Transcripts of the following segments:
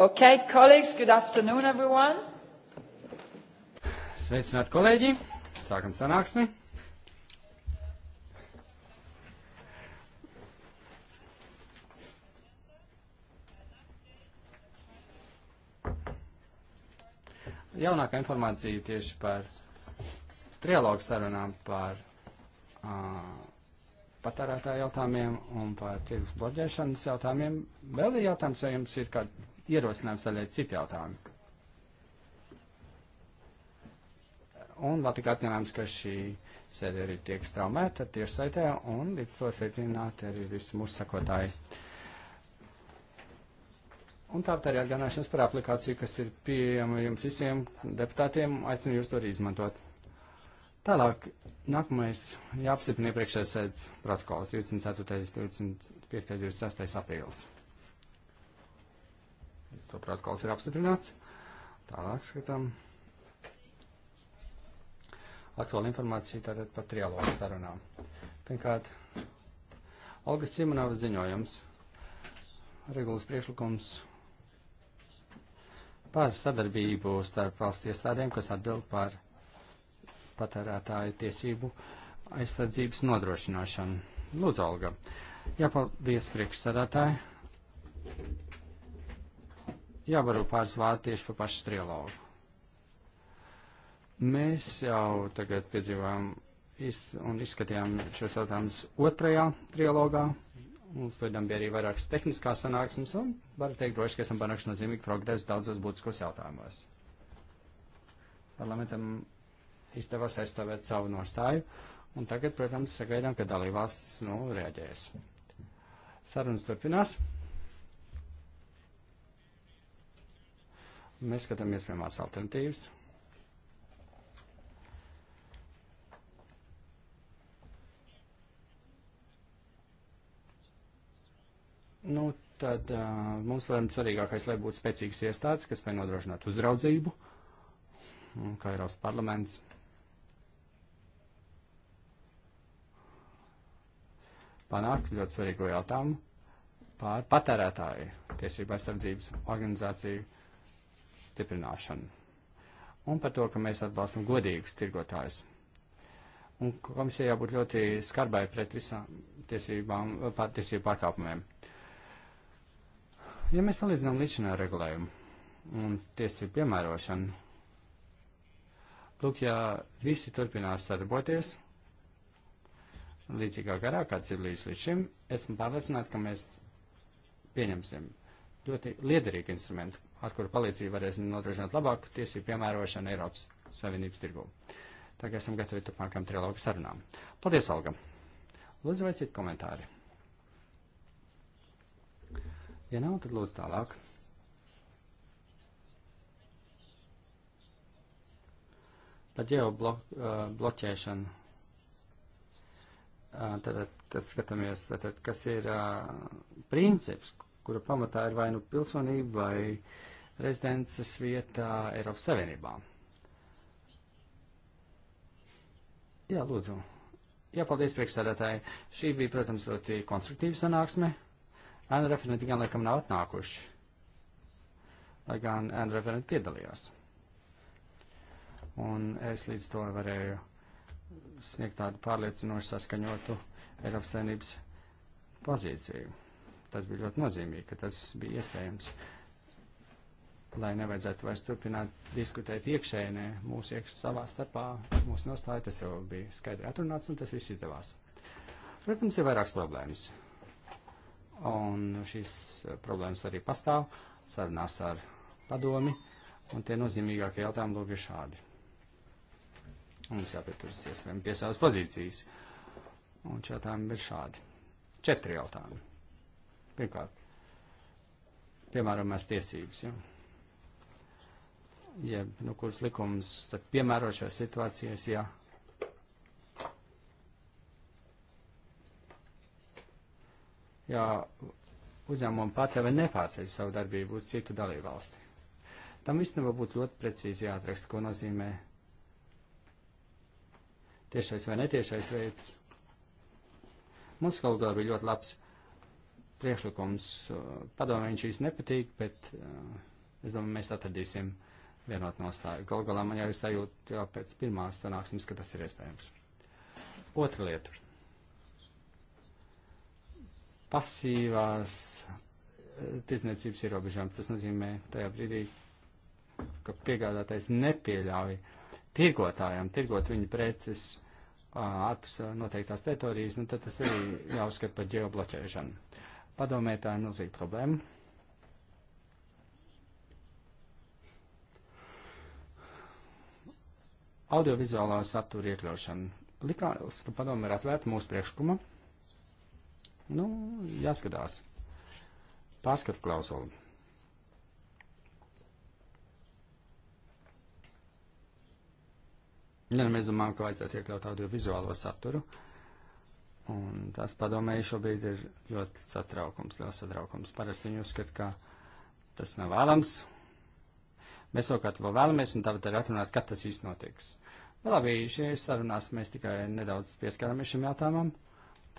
Okay, colleagues, good afternoon, everyone. Sveicināti, kolēģi! Sākam sanāksmi. Jaunākā informācija tieši par trialogu sarunām par uh, patērētāju jautājumiem un par tirgus bloķēšanas jautājumiem. Vēl ir jautājums, vai jums ir kāda ierosinājums daļai citi jautājumi. Un vēl tik atņemams, ka šī sēde arī tiek straumēta tiešsaitē un līdz to sveicināt arī visi mūsu sakotāji. Un tāpat arī atgādināšanas par aplikāciju, kas ir pieejama jums visiem deputātiem, aicinu jūs to arī izmantot. Tālāk, nākamais jāapstiprina iepriekšējais sēdes protokols 24. 25. 26. aprīlis to protokols ir apstiprināts. Tālāk skatām. Aktuāla informācija tātad par trialogu sarunām. Pirmkārt, Olgas Simonava ziņojums, regulas priekšlikums par sadarbību starp valsts iestādēm, kas atbild par patērētāju tiesību aizsardzības nodrošināšanu. Lūdzu, Olga. Jāpaldies priekšsādātāji jābaro pāris vārdi tieši par pašu trilogu. Mēs jau tagad piedzīvājam iz, un izskatījām šos jautājumus otrajā trilogā. Mums, pēdām, bija arī vairākas tehniskās sanāksmes, un var teikt droši, ka esam panākuši nozīmīgu progresu daudzos būtiskos jautājumos. Parlamentam izdevās aizstāvēt savu nostāju, un tagad, protams, sagaidām, ka dalībvalstis, nu, reaģēs. Sarunas turpinās. Mēs skatāmies pirmās alternatīvas. Nu, tad uh, mums vēl svarīgākais, lai būtu spēcīgas iestādes, kas spēj nodrošināt uzraudzību, kā ir Eiropas parlaments. Panākt ļoti svarīgo jautājumu pār patērētāju tiesību aizsardzības organizāciju stiprināšanu. Un par to, ka mēs atbalstam godīgus tirgotājus. Un komisija jābūt ļoti skarbai pret visām tiesībām, tiesību pārkāpumiem. Ja mēs salīdzinām līdzinā regulējumu un tiesību piemērošanu, lūk, ja visi turpinās sadarboties līdzīgā garā, kāds ir līdz, līdz šim, esmu pārliecināts, ka mēs pieņemsim ļoti liederīgu instrumentu, ar kuru palīdzību varēsim nodrošināt labāku tiesību piemērošanu Eiropas Savienības tirgū. Tagad esam gatavi turpmākām trilogu sarunām. Paldies, Alga! Lūdzu, vai citi komentāri? Ja nav, tad lūdzu tālāk. Par ģeobloķēšanu. Blok, tātad, kad skatāmies, tātad, kas ir princips, kura pamatā ir vai nu pilsonība vai rezidences vietā Eiropas Savienībā. Jā, lūdzu. Jā, paldies priekšsēdētāji. Šī bija, protams, ļoti konstruktīva sanāksme. Ēnu referenti gan laikam nav atnākuši, lai gan ēnu referenti piedalījās. Un es līdz to varēju sniegt tādu pārliecinošu saskaņotu Eiropas Savienības pozīciju. Tas bija ļoti nozīmīgi, ka tas bija iespējams, lai nevajadzētu vairs turpināt diskutēt iekšēnē, mūsu iekš savā starpā, mūsu nostāja, tas jau bija skaidri atrunāts un tas viss izdevās. Protams, ir vairākas problēmas. Un šīs eh, problēmas arī pastāv sarunās ar padomi, un tie nozīmīgākie jautājumi lūk ir šādi. Mums jāpieturas iespējami pie savas pozīcijas. Un šie jautājumi ir šādi. Četri jautājumi. Pirmkārt, piemēram, mēs tiesības, ja? ja nu, kuras likums tad piemēro šajās situācijās, ja ja uzņēmumi pārceļ vai nepārceļ savu darbību uz citu dalību valsti. Tam viss nevar būt ļoti precīzi jāatraksta, ko nozīmē tiešais vai netiešais veids. Mums kaut kā bija ļoti labs priekšlikums. Eh, padomē viņš īsti nepatīk, bet eh, es domāju, mēs atradīsim vienot nostāju. Gal galā man jau ir sajūta jau pēc pirmās sanāksmes, ka tas ir iespējams. Otra lieta. Pasīvās eh, tirzniecības ierobežojums. Tas nozīmē tajā brīdī, ka piegādātais nepieļauj tirgotājiem tirgot viņu preces ārpus noteiktās teritorijas, nu tad tas arī jāuzskata par ģeobloķēšanu. Padomē tā ir milzīga problēma. Audiovizuālā satura iekļaušana. Likās, ka padomē ir atvērta mūsu priekšlikuma. Nu, jāskatās. Pārskatu klausulu. Nu, ja mēs domājam, ka vajadzētu iekļaut audiovizuālo saturu, uh, Un tās padomēji šobrīd ir ļoti satraukums, liels satraukums. Parasti viņi uzskata, ka tas nav vēlams. Mēs savukārt vēl vēlamies un tāpat arī atrunāt, kad tas īsti notiks. Nu, labi, šajās sarunās mēs tikai nedaudz pieskārāmies šim jautājumam.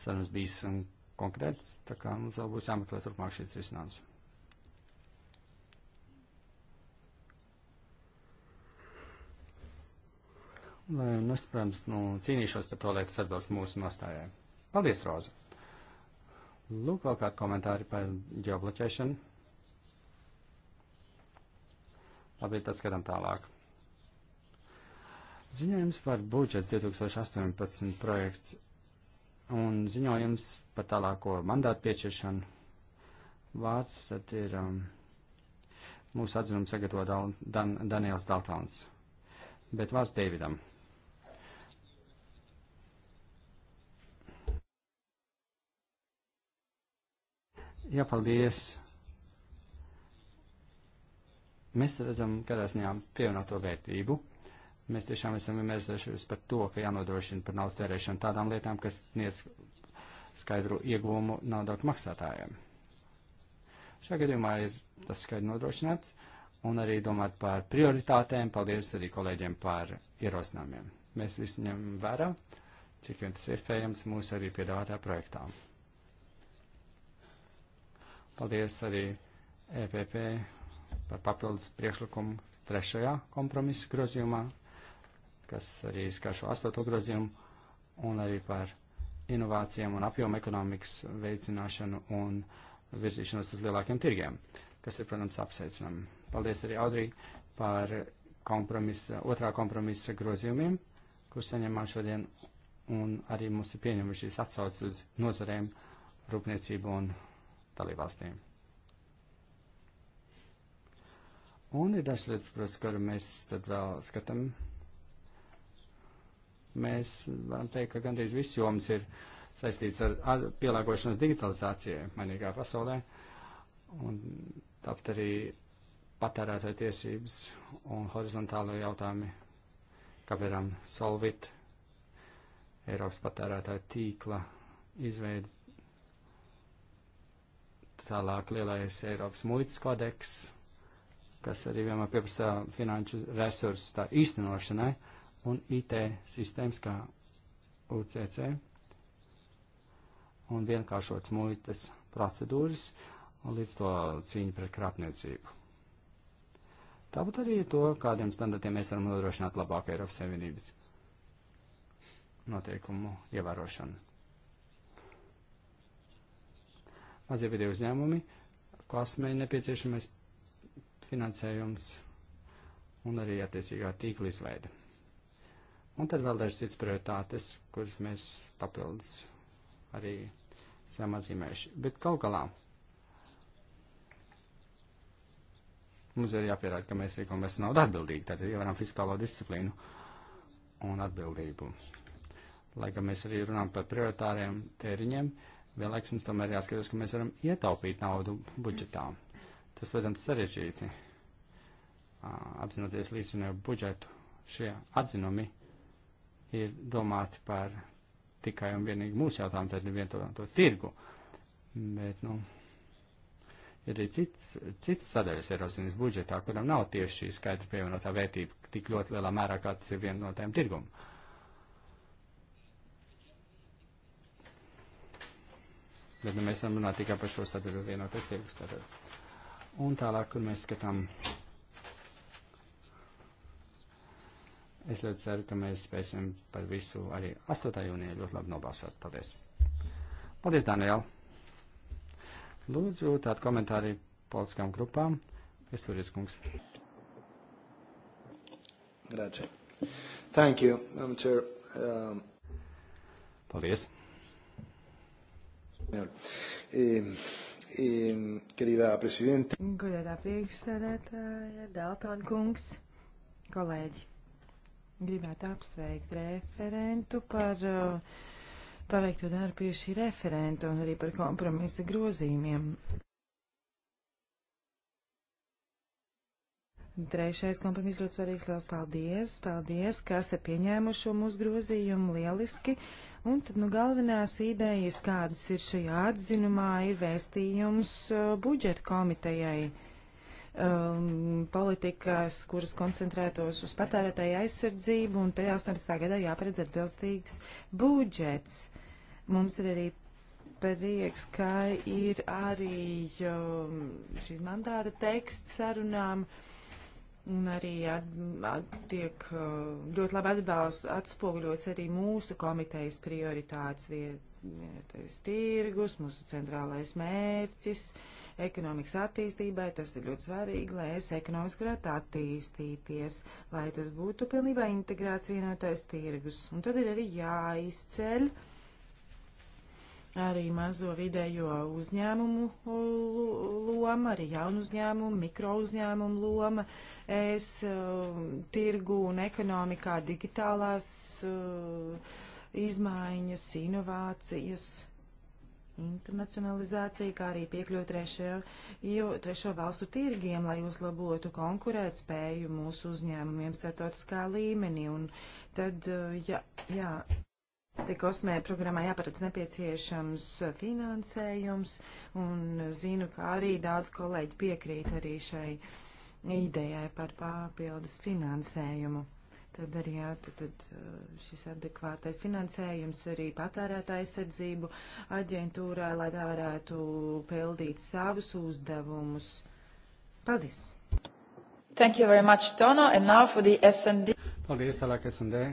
Sarunas bijis un konkrēts, tā kā mums vēl būs jāmeklē turpmāk šīs risinājums. Lai, nu, es, protams, nu, cīnīšos par to, lai tas atbilst mūsu nostājai. Paldies, Roza! Lūk, vēl kādi komentāri par ģeobloķēšanu. Labi, tad skatām tālāk. Ziņojums par budžets 2018 projekts un ziņojums par tālāko mandātu piešķiršanu. Vārds tad ir um, mūsu atzinums sagatavo Dal Dan Daniels Daltons, bet vārds Deividam. Jā, paldies. Mēs redzam, kādā ziņā pievienoto vērtību. Mēs tiešām esam vienmērzējušies par to, ka jānodrošina par naudas tērēšanu tādām lietām, kas sniedz skaidru ieguvumu naudokļu maksātājiem. Šajā gadījumā ir tas skaidri nodrošināts un arī domāt par prioritātēm. Paldies arī kolēģiem par ierosinājumiem. Mēs visi ņemam vērā, cik vien tas iespējams mūsu arī piedāvātā projektā. Paldies arī EPP par papildus priekšlikumu trešajā kompromisa grozījumā, kas arī skar šo astoto grozījumu, un arī par inovācijām un apjomu ekonomikas veicināšanu un virzīšanos uz lielākiem tirgiem, kas ir, protams, apsveicinami. Paldies arī Audrī par kompromisa, otrā kompromisa grozījumiem, kur saņemām šodien, un arī mums ir pieņemušies atsauces uz nozarēm, rūpniecību un dalībvalstīm. Un ir dažas lietas, protams, kuru mēs tad vēl skatām. Mēs varam teikt, ka gandrīz viss joms ir saistīts ar, ar pielāgošanos digitalizācijai mainīgā pasaulē. Un tāpat arī patērētāja tiesības un horizontālo jautājumi, kā piemēram Solvit, Eiropas patērētāja tīkla izveidi Tālāk lielais Eiropas muitas kodeks, kas arī vienmēr pieprasa finanšu resursus tā īstenošanai, un IT sistēmas kā UCC, un vienkāršots muitas procedūras, un līdz to cīņu pret krāpniecību. Tāpat arī to, kādiem standartiem mēs varam nodrošināt labāku Eiropas Savienības noteikumu ievērošanu. mazie video uzņēmumi, klasmē nepieciešamais finansējums un arī attiecīgā tīkla izveida. Un tad vēl dažas citas prioritātes, kuras mēs papildus arī esam atzīmējuši. Bet kaut galā mums ir jāpierāda, ka mēs rīkojamies naudu atbildīgi, tātad ievaram fiskālo disciplīnu un atbildību. Lai gan mēs arī runājam par prioritāriem tēriņiem, uh, vienlaiks mums tomēr jāskatās, ka mēs varam ietaupīt naudu budžetā. Tas, protams, sarežģīti apzinoties līdzinējo budžetu. Šie atzinumi ir domāti par tikai un vienīgi mūsu jautājumu, tad vien to, to tirgu. Bet, nu, ir arī cits, cits sadaļas Eiropas budžetā, kuram nav tieši šī skaidra pievienotā vērtība tik ļoti lielā mērā, kā tas ir viena no tām tirguma. Bet nu, mēs varam runāt tikai par šo sabiedrību vienoties tirgus. Un tālāk, kur mēs skatām. Es ļoti ceru, ka mēs spēsim par visu arī 8. jūnijā ļoti labi nobalsot. Paldies! Paldies, Daniel! Lūdzu, tādu komentāru politiskām grupām. Es tur esmu kungs. Grazie. Thank you, Madam um, Chair. Um... Paldies. Gerīdā eh, eh, prezidente. Godētā priekšsēdētāja, Daltona kungs, kolēģi. Gribētu apsveikt referentu par uh, paveikto darbu pie šī referenta un arī par kompromisa grozījumiem. Trešais kompromiss ļoti svarīgs. Liels paldies! Paldies, kas ir pieņēmuši šo mūsu grozījumu lieliski. Un tad, nu, galvenās idejas, kādas ir šajā atzinumā, ir vēstījums uh, budžeta komitejai. Um, politikas, kuras koncentrētos uz patērētāju aizsardzību, un tajā 18. gadā jāparedz atbilstīgs budžets. Mums ir arī prieks, ka ir arī um, šī mandāta teksts sarunām. Uh, Un arī at, at, tiek uh, ļoti labi atbalsts, atspoguļots arī mūsu komitejas prioritātes vietas tirgus, mūsu centrālais mērķis ekonomikas attīstībai. Tas ir ļoti svarīgi, lai es ekonomiski varētu attīstīties, lai tas būtu pilnībā integrēts vienotais tirgus. Un tad ir arī jāizceļ. Uh, arī mazo vidējo uzņēmumu loma, arī jaunu uzņēmumu, mikro uzņēmumu loma, es uh, tirgu un ekonomikā digitālās uh, izmaiņas, inovācijas, internacionalizācija, kā arī piekļuvi trešo, trešo valstu tirgiem, lai uzlabotu konkurēt spēju mūsu uzņēmumiem startautiskā līmenī. Un tad, uh, jā, jā Tik osmē programmā jāparedz nepieciešams finansējums, un zinu, ka arī daudz kolēģi piekrīt arī šai idejai par papildus finansējumu. Tad arī jā, tad, tad uh, šis adekvātais finansējums arī patērētāja aizsardzību aģentūrai, lai tā varētu pildīt savus uzdevumus. Paldies! Thank you very much, Tono, and now for the S&D. Paldies, tālāk S&D.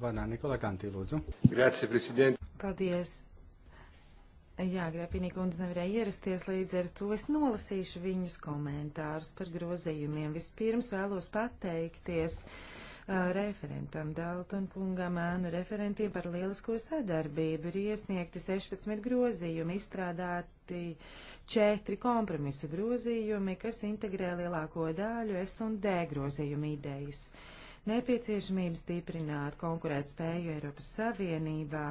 Vanā Nikola Kantī, lūdzu. Grazie, prezident. Paldies. Jā, Grapinī kundze nevarēja ierasties, līdz ar to es nolasīšu viņas komentārus par grozījumiem. Vispirms vēlos pateikties uh, referentam Dalton kungam, ēnu referentiem par lielisko sadarbību. Ir iesniegti 16 grozījumi, izstrādāti četri kompromisa grozījumi, kas integrē lielāko daļu S un D grozījumu idejas. Uh, nepieciešamību stiprināt konkurētspēju Eiropas Savienībā.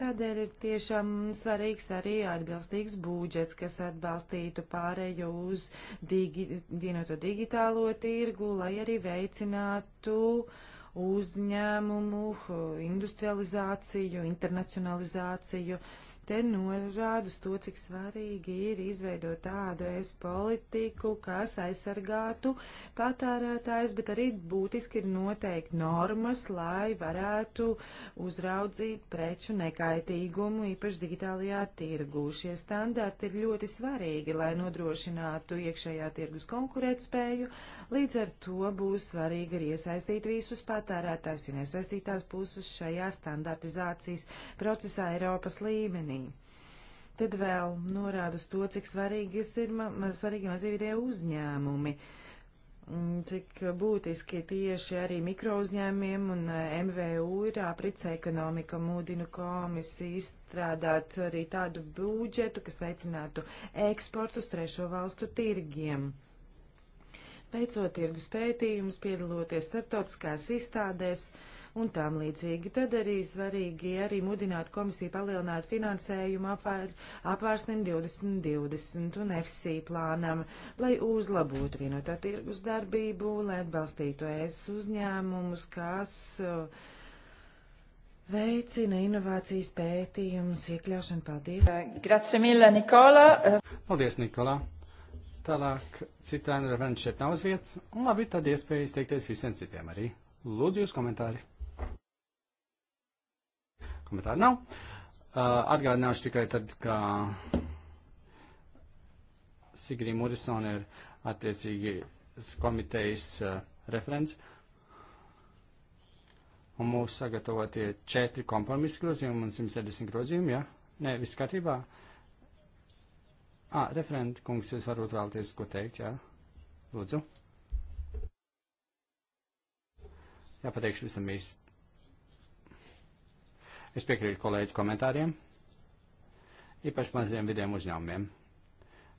Tādēļ ir tiešām svarīgs arī atbilstīgs būdžets, kas atbalstītu pārējo uz digi, vienoto digitālo tirgu, lai arī veicinātu uzņēmumu, industrializāciju, internacionalizāciju te norādu to, cik svarīgi ir izveidot tādu es politiku, kas aizsargātu patērētājs, bet arī būtiski ir noteikti normas, lai varētu uzraudzīt preču nekaitīgumu, īpaši digitālajā tirgū. Šie standarti ir ļoti svarīgi, lai nodrošinātu iekšējā tirgus konkurētspēju, līdz ar to būs svarīgi arī iesaistīt visus patērētājs un iesaistītās puses šajā standartizācijas procesā Eiropas līmenī līmenī. Tad vēl norāda uz to, cik svarīgas ir ma svarīgi mazie vidē uzņēmumi, cik būtiski tieši arī mikrouzņēmiem un eh, MVU ir aprits ekonomika mūdinu komisiju izstrādāt arī tādu budžetu, kas veicinātu eksportu uz trešo valstu tirgiem veicot tirgus pētījumus, piedaloties starptautiskās izstādēs, uh, un tam līdzīgi. Tad arī svarīgi arī mudināt komisiju palielināt finansējumu apvēr, apvērsnim 2020 un FC plānam, lai uzlabotu vienotā tirgus darbību, lai atbalstītu ES uzņēmumus, kas uh, Veicina inovācijas pētījumus, iekļaušanu. Paldies! Grazie mille, Nikola! Paldies, Nikola! Tālāk citāni referenti šeit nav uz vietas, un labi, tad iespēja izteikties visiem citiem arī. Lūdzu jūs komentāri! Komentāru nav. Uh, atgādināšu tikai tad, ka Sigrija Murisona ir attiecīgi komitejas uh, referents. Un mūsu sagatavotie četri kompromisa grozījumi un 170 grozījumi, jā? Ja? Nē, viss kārtībā. Ā, referenta kungs, jūs varbūt vēlaties ko teikt, jā? Ja? Lūdzu. Jā, pateikšu visam īsi. Es piekrītu kolēģu komentāriem, īpaši maziem vidiem uzņēmumiem.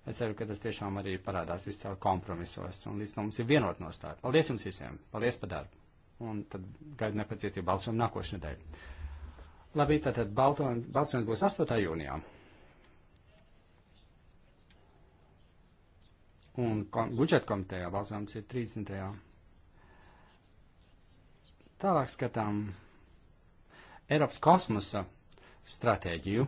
Es ceru, ka tas tiešām arī parādās viscaur kompromisos, un līdz tam mums ir vienot nostāja. Paldies jums visiem! Paldies par darbu! Un tad gaidu nepacietību balsojumu nākošnedēļ. Labi, tātad balsojums būs 8. jūnijā. Un kom, budžeta komitejā balsojums ir 30. Tālāk skatām Eiropas kosmosa stratēģiju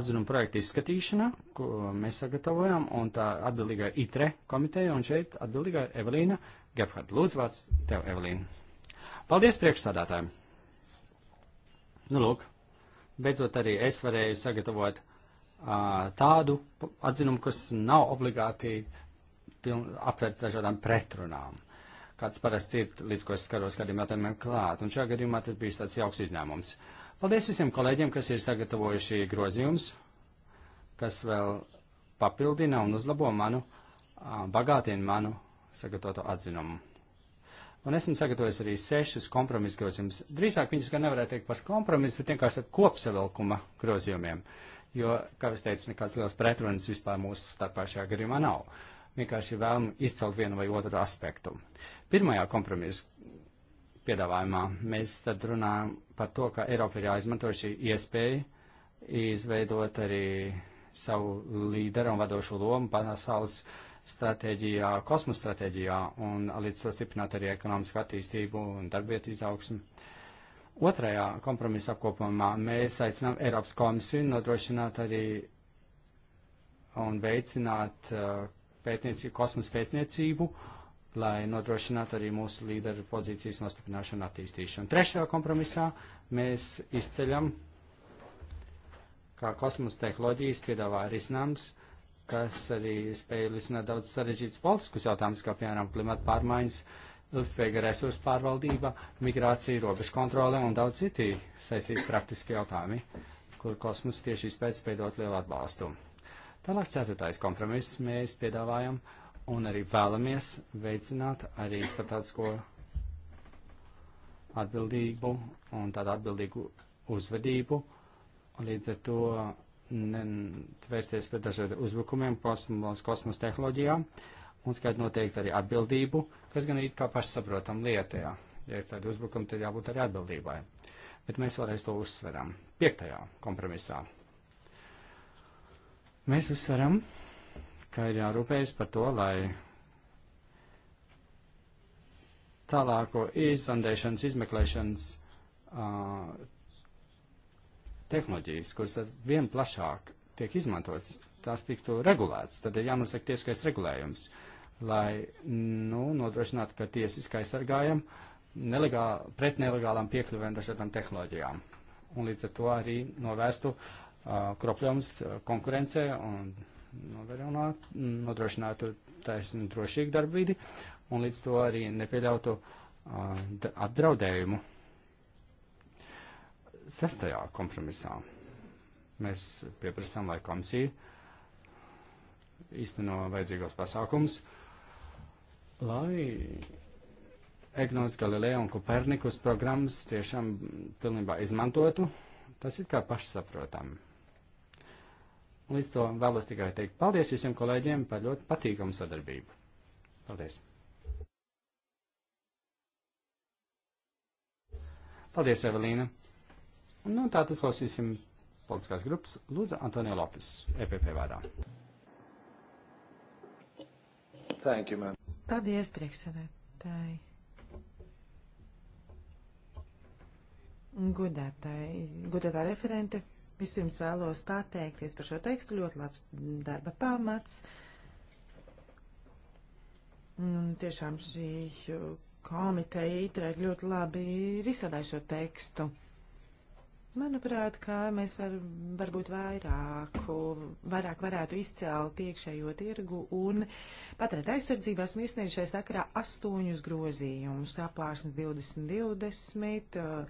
atzinuma projekta izskatīšana, ko mēs sagatavojam, un tā atbildīgā ITRE komiteja, un šeit atbildīgā Evelīna Gebhard. Lūdzu, vārds tev, Evelīna. Paldies priekšsādātājiem! Nu, lūk, beidzot arī es varēju sagatavot uh, tādu atzinumu, kas nav obligāti aptverts dažādām pretrunām kāds parasti ir, līdz ko es skatos kādiem jautājumiem klāt. Un šajā gadījumā tas bija tāds jauks izņēmums. Paldies visiem kolēģiem, kas ir sagatavojuši grozījums, kas vēl papildina un uzlabo manu, bagātina manu sagatavoto atzinumu. Un esmu sagatavojis arī sešus kompromisu grozījumus. Drīzāk viņus gan nevarētu teikt par kompromisu, bet vienkārši kopsavilkuma grozījumiem. Jo, kā es teicu, nekāds liels pretrunis vispār mūsu starpā šajā gadījumā nav. Uh, vienkārši vēlam izcelt vienu vai otru aspektu. Pirmajā kompromisa piedāvājumā mēs tad runājam par to, ka Eiropa ir jāizmanto šī iespēja izveidot arī savu līderu un vadošu lomu pasaules stratēģijā, kosmosa stratēģijā un līdz to stiprināt arī ekonomisku attīstību un darbvietu izaugsmu. Otrajā kompromisa apkopumā mēs aicinām Eiropas komisiju nodrošināt arī un veicināt uh, pētniecību, kosmosa pētniecību, lai nodrošinātu arī mūsu līderu pozīcijas nostiprināšanu un attīstīšanu. Trešajā kompromisā mēs izceļam, kā kosmosa tehnoloģijas piedāvā risinājums, kas arī spēja risināt daudz sarežģītus politiskus jautājumus, kā piemēram klimata pārmaiņas, ilgspējīga resursu pārvaldība, migrācija, robežu kontrole un daudz citi saistīti praktiski jautājumi, kur kosmos tieši izpēc spēj dot lielu atbalstu. Tālāk ceturtais kompromiss mēs piedāvājam un arī vēlamies veicināt arī starptautisko atbildību un tādu atbildīgu uzvedību. Un līdz ar to vērsties pret dažādiem uzbrukumiem kosmos, kosmos tehnoloģijām un skait noteikti arī atbildību, kas gan ir kā pašsaprotam lietā. Ja ir tādi uzbrukumi, tad jābūt arī atbildībai. Bet mēs vēlreiz to uzsveram. Piektajā kompromisā Mēs uzsveram, ka ir jārūpējas par to, lai tālāko izsandēšanas, izmeklēšanas uh, tehnoloģijas, kuras ar vien plašāk tiek izmantotas, tās tiktu regulētas. Tad ir jānosaka tieskais regulējums, lai nu, nodrošinātu, ka tiesiski aizsargājam nelegā, pret nelegālām piekļuvēm dažādām tehnoloģijām. Un līdz ar to arī novērstu uh, kropļums konkurencē un nogarināt, nodrošinātu taisnu drošīgu darbvidi un līdz to arī nepieļautu apdraudējumu. Sestajā kompromisā mēs pieprasām, lai komisija īsteno vajadzīgos pasākums, lai Egnos Galileo un Kopernikus programmas tiešām pilnībā izmantotu. Tas ir kā pašsaprotami. Līdz to vēlos tikai teikt paldies visiem kolēģiem par ļoti patīkamu sadarbību. Paldies! Paldies, Evelīna! Nu, tā tas klausīsim politiskās grupas. Lūdzu, Antonija Lopes, EPP vārdā. Thank you, man. Paldies, priekšsēdētāji. Godātāji, godātā referente, Vispirms vēlos pateikties par šo tekstu, ļoti labs darba pamats. Un nu, tiešām šī komiteja ītra ir ļoti labi izstrādājušo tekstu. Manuprāt, kā mēs var, varbūt vairāku, vairāk varētu izcelt iekšējo tirgu un patērēt aizsardzībā esmu iesniegšai sakarā astoņus grozījumus, apārsnes 2020,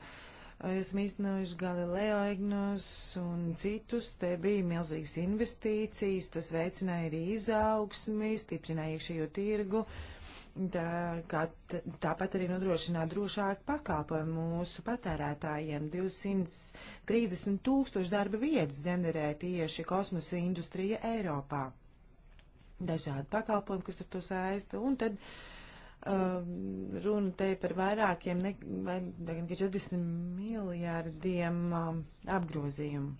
esam iznājuši Galileo Egnos un citus. Te bija milzīgas investīcijas, tas veicināja arī izaugsmi, stiprināja iekšējo tirgu. Tā, kā, tāpat arī nodrošināt drošāku pakalpojumu mūsu patērētājiem. 230 tūkstoši darba vietas ģenerē tieši kosmosa industrija Eiropā. Dažādi pakalpojumi, kas ar to saista, un tad uh, Um, runa te par vairākiem, ne, vai, 40 miljārdiem um, apgrozījumu.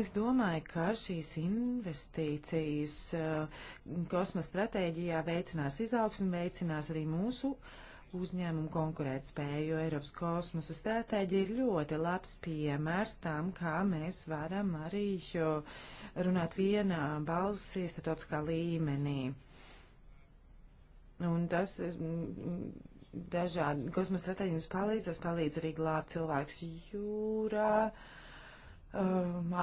Es domāju, ka šīs investīcijas uh, kosmosa stratēģijā veicinās izaugsmu, veicinās arī mūsu uh, uzņēmumu konkurētspēju. Eiropas kosmosa stratēģija ir ļoti labs piemērs tam, kā mēs varam arī runāt vienā balsī statotiskā līmenī. Un tas ir mm, dažādi. Kosmosa stratēģija mums palīdzēs, palīdz arī glābt cilvēks jūrā. Uh, um,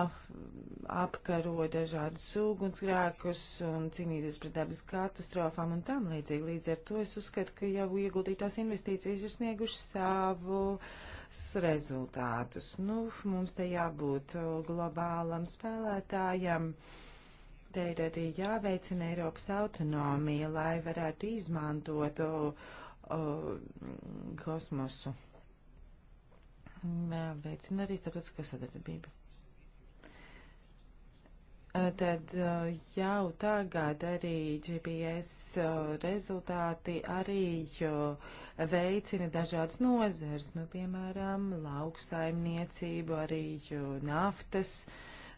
apkaro dažādus ugunsgrēkus un cīnīties pret dabas katastrofām un tam līdzīgi. Līdz ar to es uzskatu, ka jau ieguldītās investīcijas ir sniegušas savus rezultātus. Nu, mums te jābūt globālam spēlētājam. Te ir arī jāveicina Eiropas autonomija, lai varētu izmantot o, uh, o, kosmosu. Veicina arī starptautiskā sadarbība. Eh, tad eh, jau tagad arī GPS eh, rezultāti arī veicina dažādas nozars, nu, piemēram, lauksaimniecību, arī naftas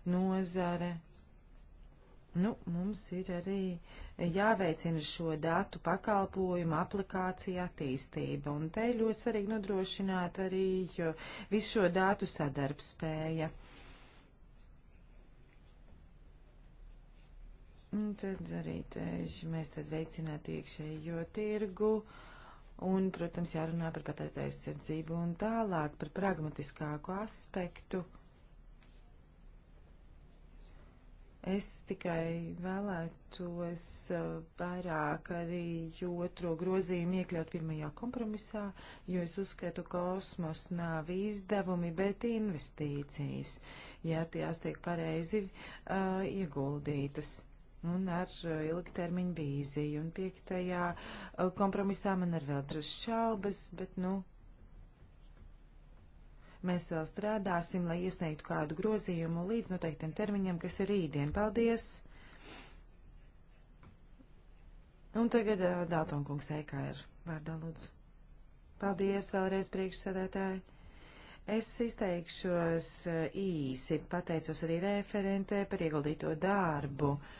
nozare. Nu, mums ir arī jāveicina šo datu pakalpojumu aplikācija attīstība, un te ļoti svarīgi nodrošināt arī visu šo datu sadarbspēja. spēja Un tad arī tieši mēs tad veicinātu iekšējo tirgu un, protams, jārunā par patērētāju aizsardzību un tālāk par pragmatiskāku aspektu. Es tikai vēlētos vairāk arī otro grozījumu iekļaut pirmajā kompromisā, jo es uzskatu, ka kosmos nav izdevumi, bet investīcijas, ja tās tiek pareizi uh, ieguldītas un ar uh, ilgtermiņu vīziju. Un piektajā uh, kompromisā man ir vēl tras šaubas, bet, nu, mēs vēl strādāsim, lai iesniegtu kādu grozījumu līdz noteiktiem termiņiem, kas ir rītdien. Paldies! Un tagad uh, Dātonkungs EKR vārdā lūdzu. Paldies vēlreiz priekšsēdētāji! Es izteikšos īsi, pateicos arī referentē par ieguldīto darbu. Uh,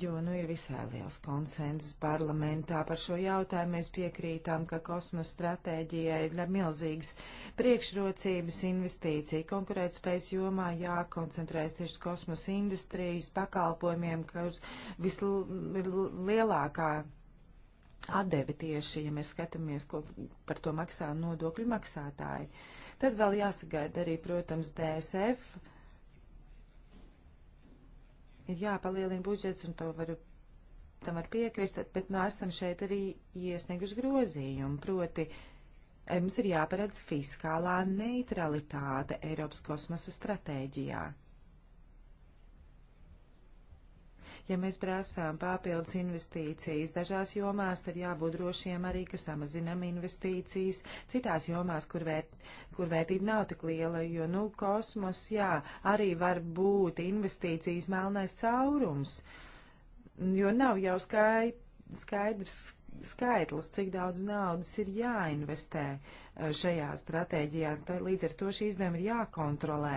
jo nu, ir visai liels konsensus parlamentā par šo jautājumu. Mēs piekrītām, ka kosmosa stratēģijai ir milzīgas priekšrocības investīcija. Konkurētspējas jomā jākoncentrēs tieši kosmosa industrijas pakalpojumiem, kas vislielākā atdeve tieši, ja mēs skatāmies, ko par to maksā nodokļu maksātāji. Tad vēl jāsagaida arī, protams, DSF ir jāpalielina budžets, un to var, tam var piekrist, bet nu esam šeit arī iesnieguši grozījumu, proti eh, mums ir jāparedz fiskālā neutralitāte Eiropas kosmosa stratēģijā. Ja mēs prasām papildus investīcijas dažās jomās, tad jābūt drošiem arī, ka samazinam investīcijas citās jomās, kur, vērt, kur vērtība nav tik liela, jo, nu, kosmos, jā, arī var būt investīcijas melnais caurums, jo nav jau skai, skaidrs skaitlis, cik daudz naudas ir jāinvestē eh, šajā stratēģijā. Tā, līdz ar to šī izdevuma ir jākontrolē.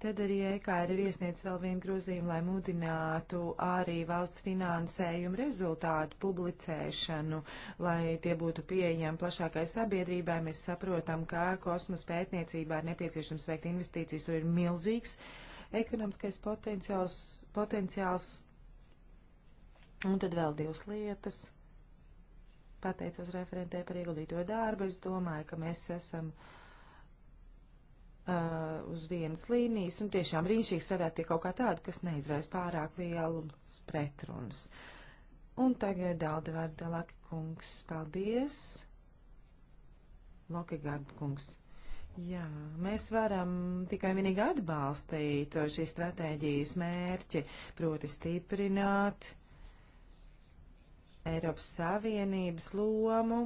Tad arī EKR ir iesniedz vēl vienu grozījumu, lai mudinātu arī valsts finansējumu rezultātu publicēšanu, lai tie būtu pieejami plašākai sabiedrībai. Mēs saprotam, ka kosmos pētniecībā ir nepieciešams veikt investīcijas, tur ir milzīgs ekonomiskais potenciāls. potenciāls. Un tad vēl divas lietas. Pateicos referentē par ieguldīto darbu. Es domāju, ka mēs esam. Uh, uh, uz vienas līnijas, un tiešām brīnišķīgs varētu pie kaut kā tāda, kas neizraisa pārāk lielas pretrunas. Un tagad Dalda Vārda Laka kungs, paldies. Lokegārda kungs. Jā, mēs varam tikai vienīgi atbalstīt šīs stratēģijas mērķi, proti stiprināt Eiropas Savienības lomu,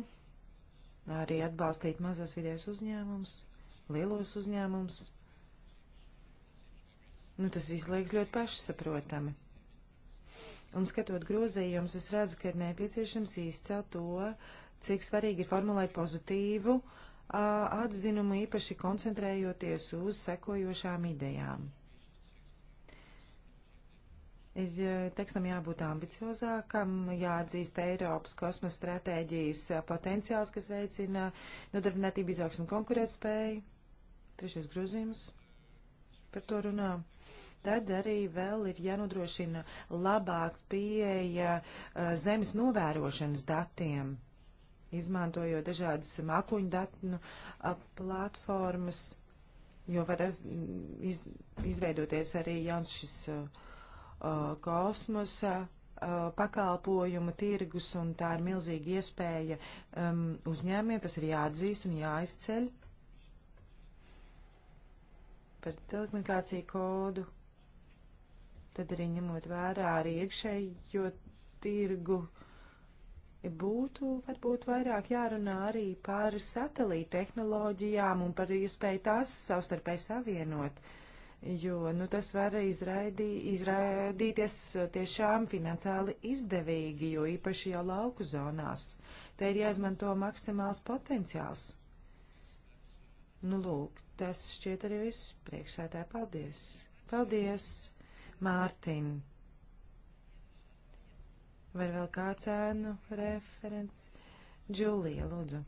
arī atbalstīt mazos vidējos uzņēmumus lielos uzņēmumus. Nu, tas viss liekas ļoti pašsaprotami. Un skatot grozējumus, es redzu, ka ir nepieciešams izcelt to, cik svarīgi ir formulēt pozitīvu atzinumu, īpaši koncentrējoties uz sekojošām idejām. Ir tekstam jābūt ambiciozākam, jāatzīst Eiropas kosmosa stratēģijas potenciāls, kas veicina nodarbinātību izaugsmu un konkurētspēju trešais grozījums par to runā. Tad arī vēl ir jānodrošina labāk pieeja eh, zemes novērošanas datiem, izmantojot dažādas mākoņu datu platformas, jo var mm, iz, izveidoties arī jauns šis uh, kosmosa uh, pakalpojuma tirgus, un tā ir milzīga iespēja um, uzņēmiem, tas ir jāatzīst un jāizceļ. Uh, par telekomunikāciju kodu, tad arī ņemot vērā arī iekšējo tirgu, būtu varbūt vairāk jārunā arī par satelītu tehnoloģijām un par iespēju tās savstarpēji savienot, jo nu, tas var izraidī, izraidīties tiešām finansiāli izdevīgi, jo īpaši jau lauku zonās. Te ir jāizmanto maksimāls potenciāls. Nu, lūk, tas šķiet arī viss priekšsētāji. Paldies! Paldies, Mārtiņ! Vai vēl kāds ēnu referents? Džulija, lūdzu.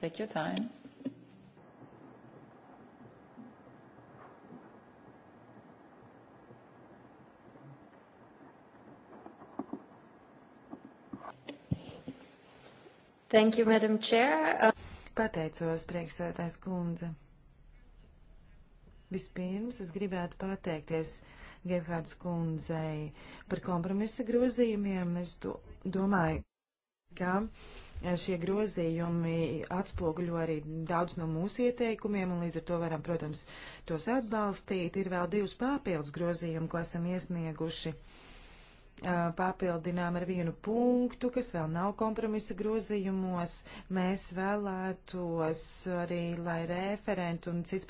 Take your time. Thank you, Madam Chair. Uh, Pateicos, priekšsētājs kundze. Vispirms es gribētu pateikties Gebhards kundzei par kompromisa grozījumiem. Es do, domāju, ka e, šie grozījumi atspoguļo arī daudz no mūsu ieteikumiem, un līdz ar to varam, protams, tos atbalstīt. Ir vēl divas papildus grozījumi, ko esam iesnieguši. Uh, papildinām ar vienu punktu, kas vēl nav kompromisa grozījumos. Mēs vēlētos arī, lai referenti un cits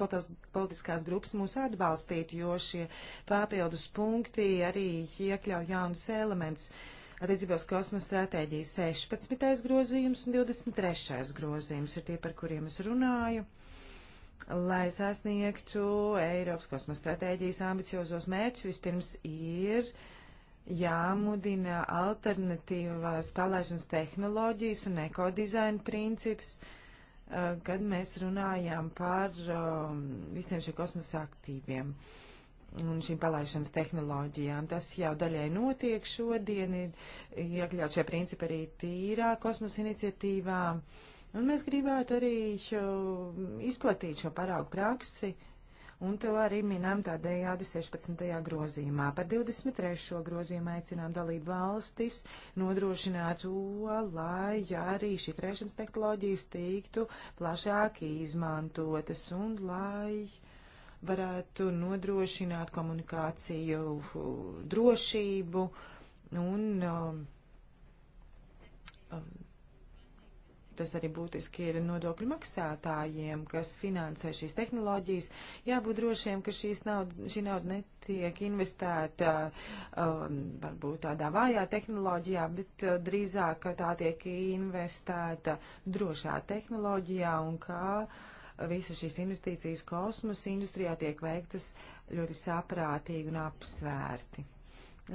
politiskās grupas mūs atbalstītu, jo šie papildus punkti arī iekļauj jaunus elementus. Attiecībās kosmosa stratēģija 16. grozījums un 23. grozījums ir tie, par kuriem es runāju lai sasniegtu Eiropas kosmosa stratēģijas ambiciozos mērķus, vispirms ir uh, jāmudina alternatīvās palaišanas tehnoloģijas un ekodizaina princips, uh, kad mēs runājām par um, visiem šiem kosmosa aktīviem un šīm palaišanas tehnoloģijām. Tas jau daļai notiek šodien, ir iekļaut šie principi arī tīrā kosmosa iniciatīvā. Un mēs gribētu arī uh, izplatīt šo paraugu praksi un to arī minām tādējādi 16. grozīmā. Par 23. grozīmu aicinām dalību valstis nodrošināt to, lai arī šifrēšanas tehnoloģijas tiktu plašāk izmantotas un lai varētu nodrošināt komunikāciju drošību un um, um, tas arī būtiski ir nodokļu maksātājiem, kas finansē šīs tehnoloģijas, jābūt drošiem, ka naud, šī nauda netiek investēta um, varbūt tādā vājā tehnoloģijā, bet uh, drīzāk, ka tā tiek investēta drošā tehnoloģijā un kā visas šīs investīcijas kosmosa industrijā tiek veiktas ļoti saprātīgi un apsvērti.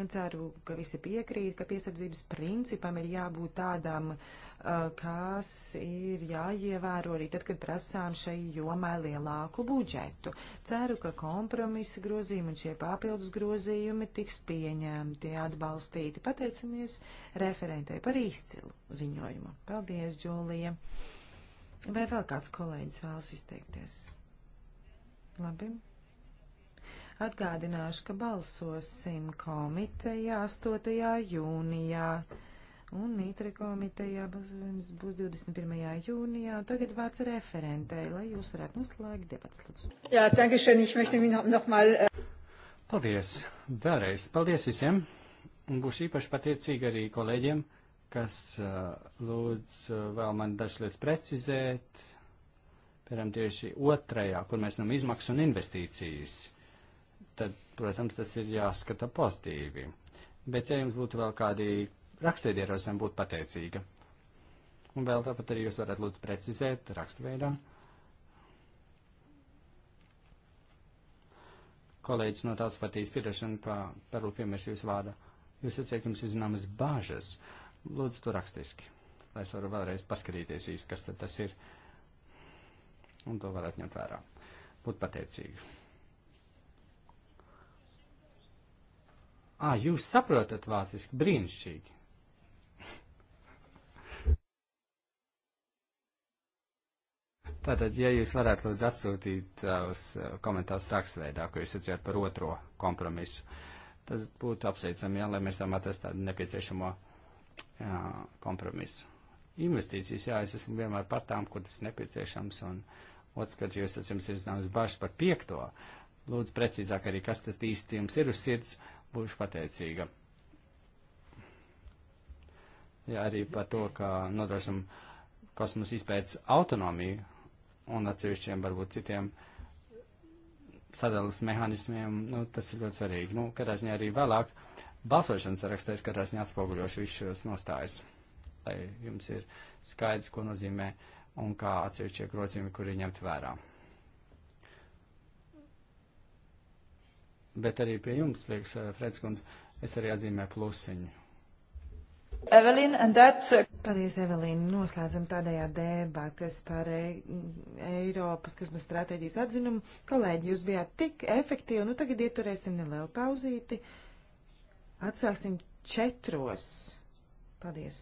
Ceru, ka visi piekrīt, ka piesardzības principam ir jābūt tādam, kas ir jāievēro arī tad, kad prasām šai jomai lielāku budžetu. Ceru, ka kompromisa grozījumi un šie papildus grozījumi tiks pieņemti, atbalstīti. Pateicamies referentei par izcilu ziņojumu. Paldies, Džolija! Vai vēl kāds kolēģis vēlas izteikties? Labi. Atgādināšu, ka balsosim komitejā 8. jūnijā. Un Nītre komitejā balsojums būs 21. jūnijā. Tagad vārds referentei, lai jūs varētu noslēgt debats. Jā, tagad šeit es möchte mich noch mal. Äh, paldies. Vēlreiz. Paldies visiem. Un būšu īpaši pateicīga arī kolēģiem, kas äh, lūdz äh, vēl man dažas lietas precizēt. Piemēram, tieši otrajā, kur mēs zinām izmaksu un investīcijas tad, protams, tas ir jāskata pozitīvi. Bet, ja jums būtu vēl kādi rakstveidierosinājumi, būtu pateicīga. Un vēl tāpat arī jūs varat lūdzu precizēt rakstveidā. Kolēģis no tāds patīs pierašana pa, par lūpiemies jūsu vārdu. Jūs atsiek jums zināmas bāžas. Lūdzu, to rakstiski, lai es varu vēlreiz paskatīties īsti, kas tad tas ir. Un to varat ņemt vērā. Būt pateicīgi. Ā, jūs saprotat vāciski, brīnišķīgi. Tātad, ja jūs varētu lūdzu atsūtīt savus uh, komentārus rakstveidā, ko jūs sacījāt par otro kompromisu, tas būtu apsveicami, ja, lai mēs varam atrast tādu nepieciešamo jā, kompromisu. Investīcijas, jā, es esmu vienmēr par tām, kur tas nepieciešams, un otrkārt, jūs esat jums ir zināmas bažas par piekto, lūdzu precīzāk arī, kas tas īsti jums ir uz sirds, būšu pateicīga. Jā, arī par to, ka nodrošam kosmosa izpētes autonomiju un atsevišķiem varbūt citiem sadalas mehānismiem, nu, tas ir ļoti svarīgi. Nu, katrā ziņā arī vēlāk balsošanas rakstēs katrā ziņā atspoguļošu visus šos nostājus, lai jums ir skaidrs, ko nozīmē un kā atsevišķie grozījumi, kuri ņemt vērā. bet arī pie jums, liekas, eh, Fredskundz, es arī atzīmēju plusiņu. Evelīna, and that's. Paldies, Evelīna. Noslēdzam tādējā debates par e Eiropas kosmosa stratēģijas atzinumu. Kolēģi, jūs bijāt tik efektīvi, nu tagad ieturēsim nelielu pauzīti. Atsāksim četros. Paldies!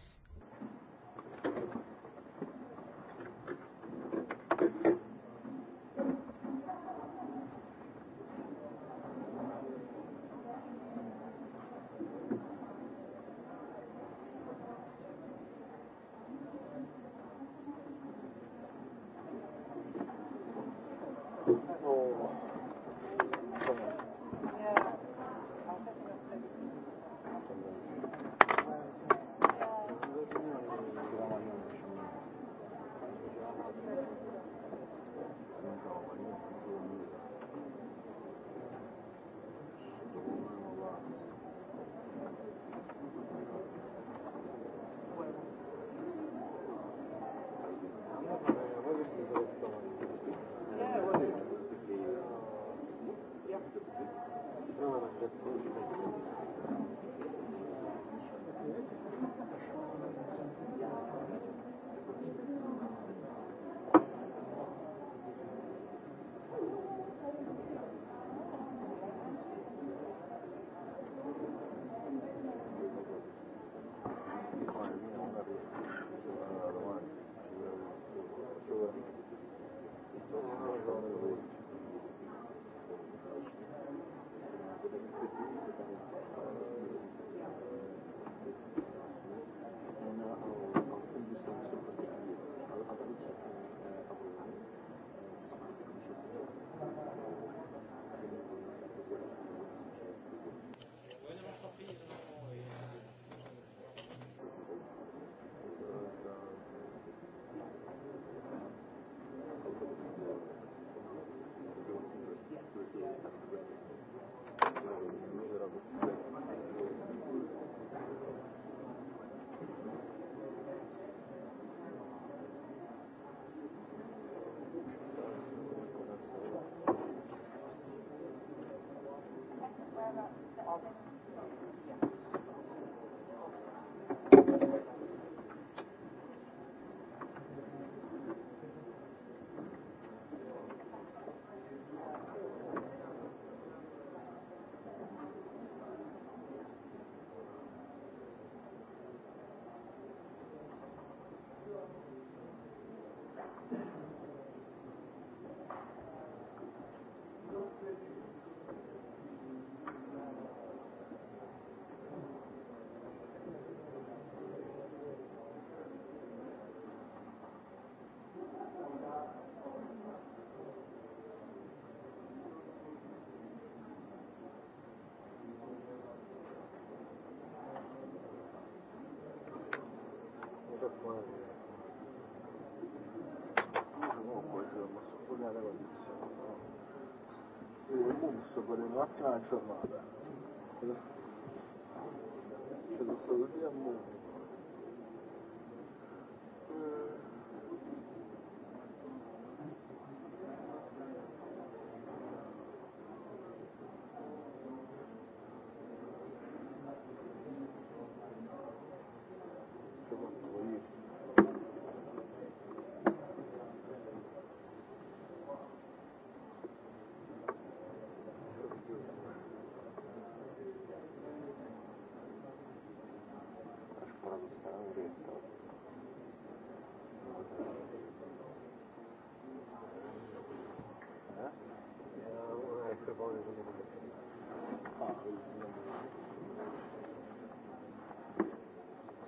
mum atjāņšamādā. Kad es savu dienu mūmu.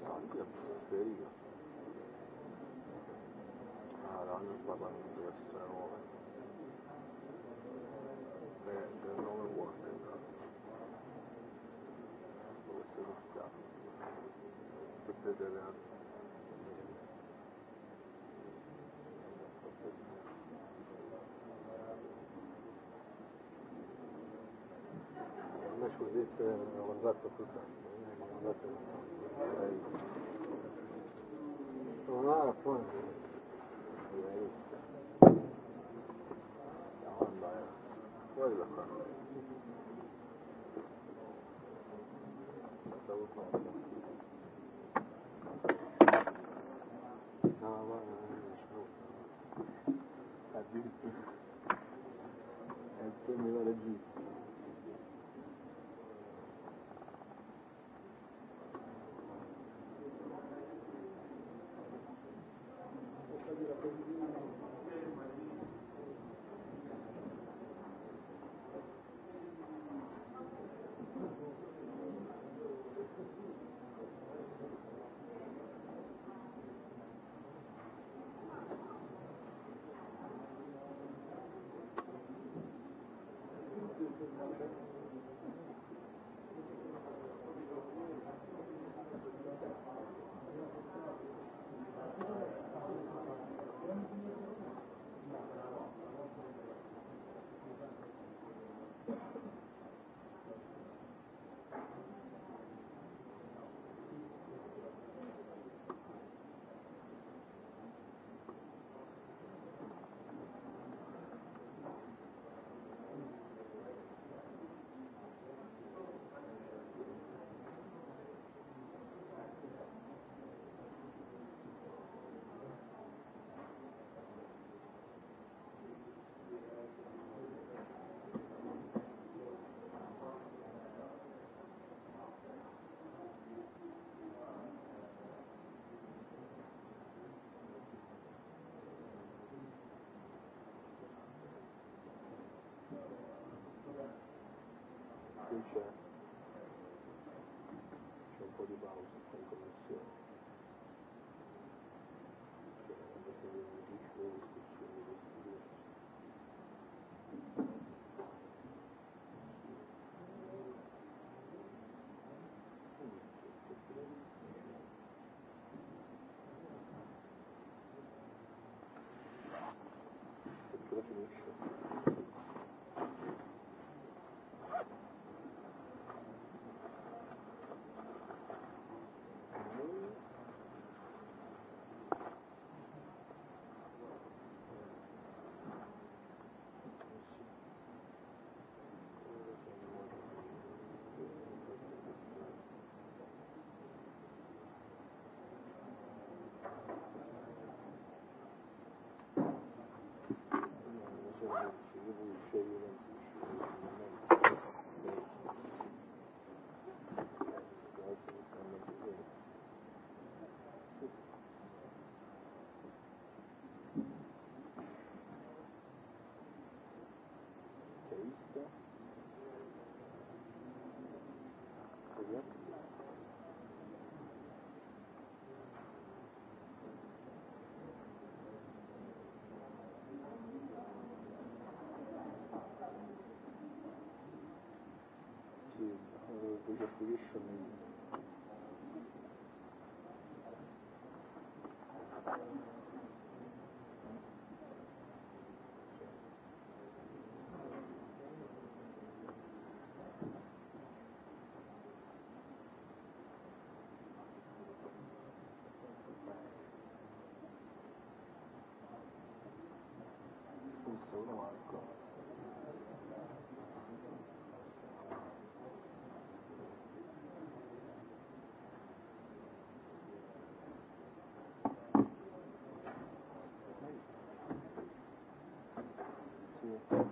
Sanki yapısı veriyor. Hala anlık babanın bir sene olarak. нашу здесь организацию труда. Она фонд. Thank you. future c'è un po' di pausa in commissione perché non abbiamo dieci minuti Thank you. Constitution Lūk.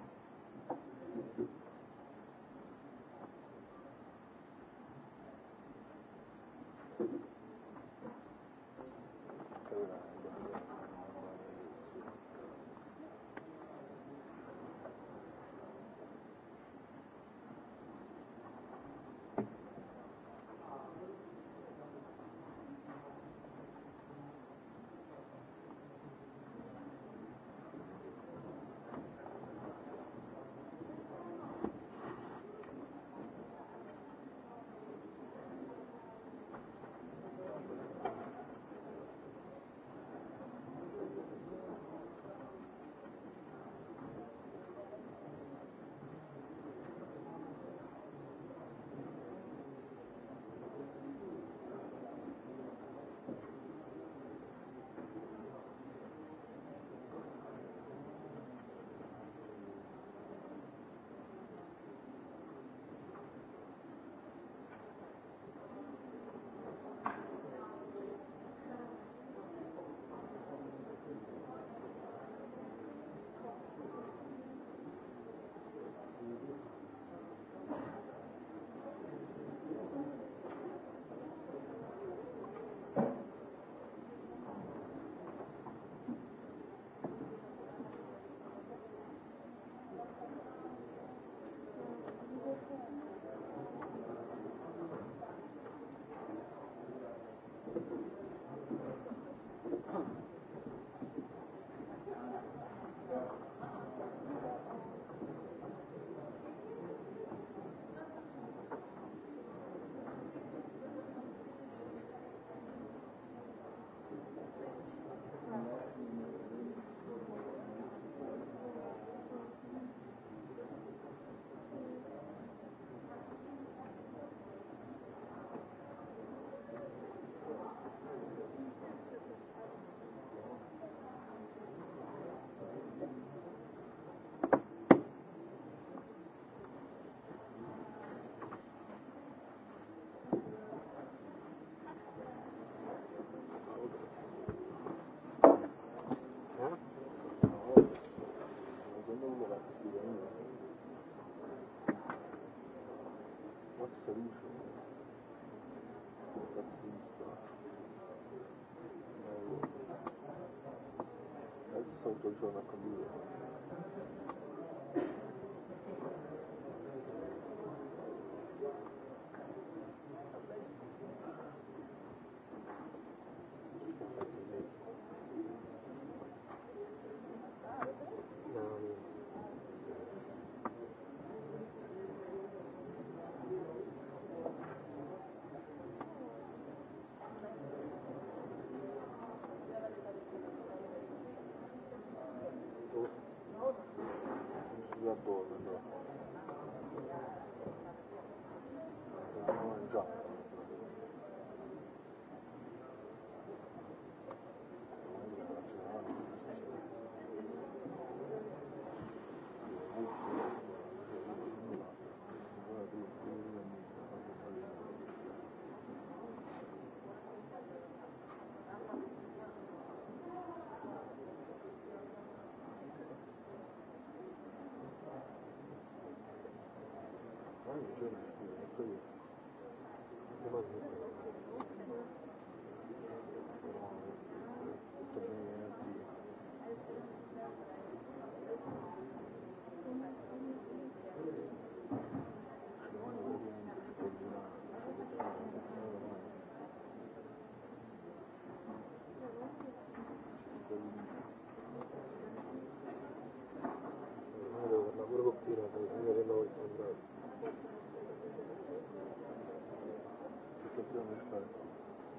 control my computer. 较多的时候，然后你找。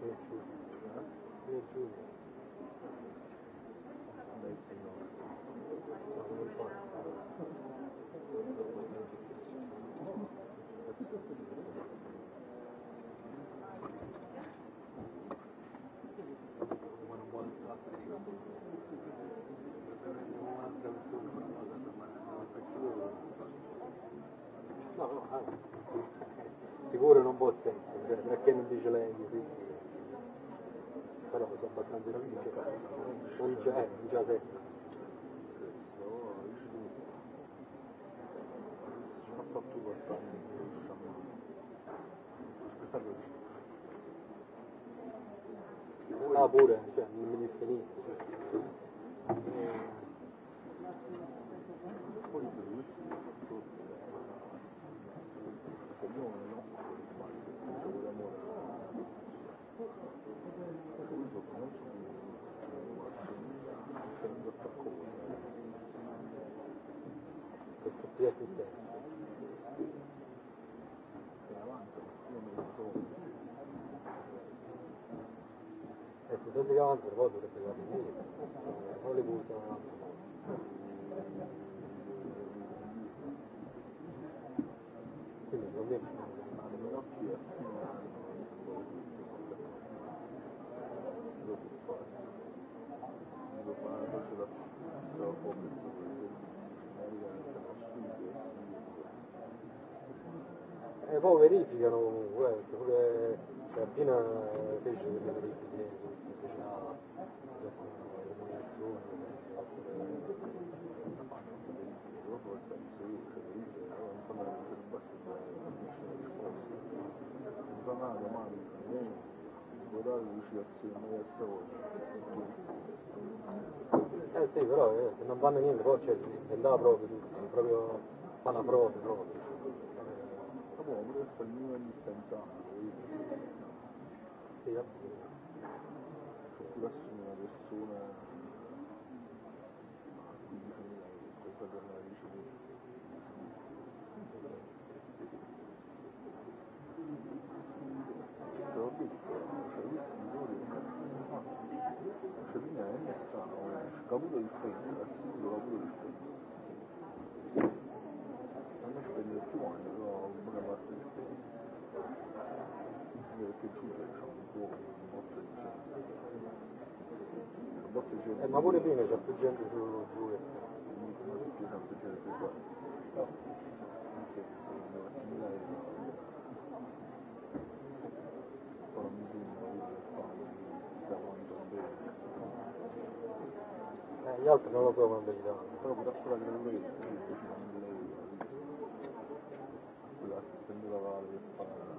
Thank you. وإجازة إجازة لا بولا من السنين Jānis ir vodu, ka labi bija. Hollywood. Tényleg, nem E poi verificano comunque, eh, pure Cardina fece delle verifiche Eh sì, però eh, se non vanno niente poi c'è è là proprio tutto, proprio fa la prova proprio. Vabbè, pure il mio è indispensabile. Sì, vabbè espressi una persona a 15 anni che è stata una ricevuta. Te l'ho detto, cioè questi signori, cazzo mi fa? Cioè, mi è stata, ho scavuto il freddo. E ma pure prima c'è più gente su due. Eh, gli altri non lo so quando gli danno. Però pure quella che non vedi, eh. quella si sembrava che fa.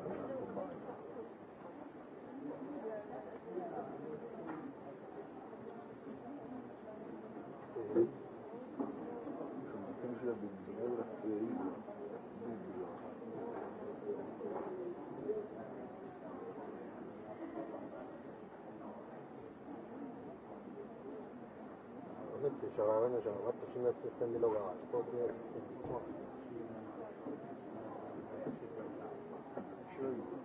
だから私は新月戦でロガー、東京戦で。Sure.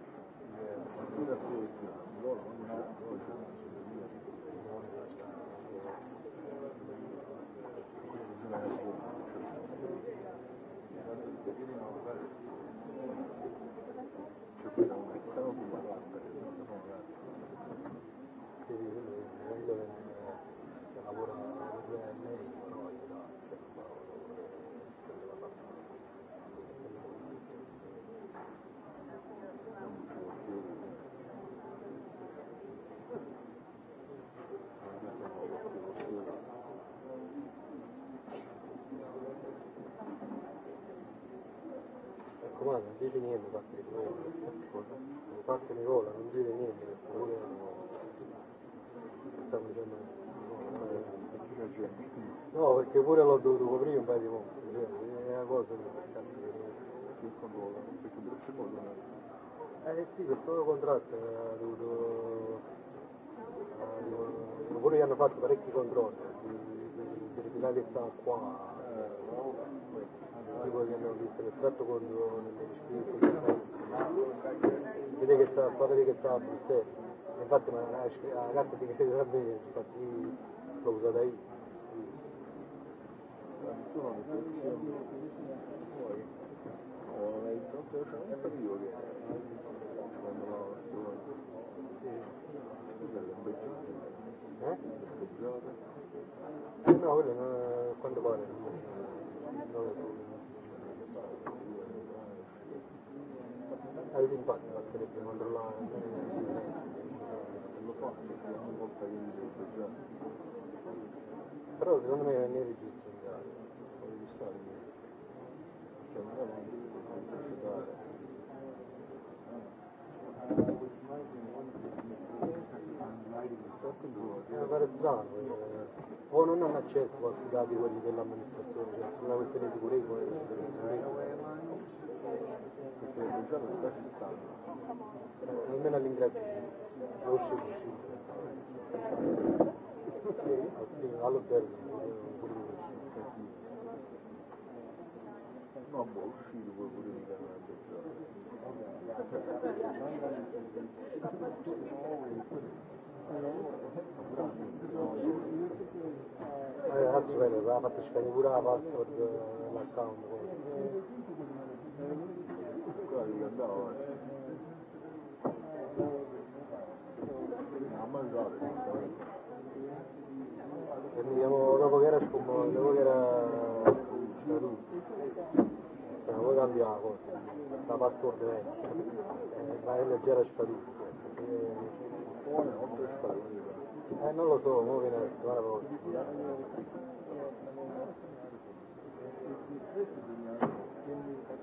fatemi vola, non dire niente, perché io stavo dicendo No, perché pure l'ho dovuto coprire un paio di volte, cioè, è una cosa che cazzo che non controlla, se controlla cosa. Eh sì, per tutto il contratto ha dovuto. Ha, pure gli hanno fatto parecchi controlli, per i pilati che stavano qua, tipo che hanno visto l'estratto quando nelle spese vede che stava, poi vede che stava a Bruxelles. Infatti ma la, la carta ti credeva bene, infatti l'ho usata io. Eh? No, quello non, quando pare. Non lo so ai simpatici basterebbe controllare lo fa una volta che mi sono già però secondo me non è registrare registrare cioè non è registrare pare strano eh. o non hanno accesso a dati quelli dell'amministrazione cioè, sulla questione di sicurezza che per il giorno sta fissando, eh, almeno all'ingresso, lo uscito, uscito. All'hotel, no, boh, uscito poi pure di canale. Eh, adesso bene, aveva fatto scaricare pure la password, eh, l'account. Teníamos una poquera como una poquera Perú. Se la può cambiare la cosa, la passport è la leggera sparita. Eh, non lo so, muove la settimana prossima. Thank you.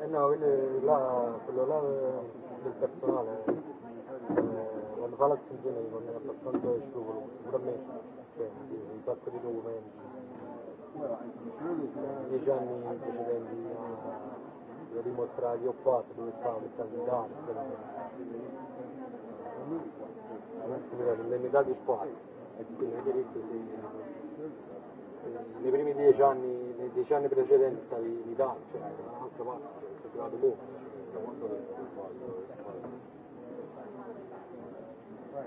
Eh no, quindi là, quello là del personale, eh, quando fa la sintonia rimane abbastanza scrupolo, pure a me, cioè, un sacco di documenti. Dieci anni precedenti a, a dimostrare che ho fatto, dove stavo, che stavo in Italia, però, l'indennità di squadra, e quindi il diritto si nei primi dieci anni, nei dieci anni precedenti stavi in Italia, cioè da un'altra parte, cioè, sei arrivato poco, cioè, quanto tempo sbaglio?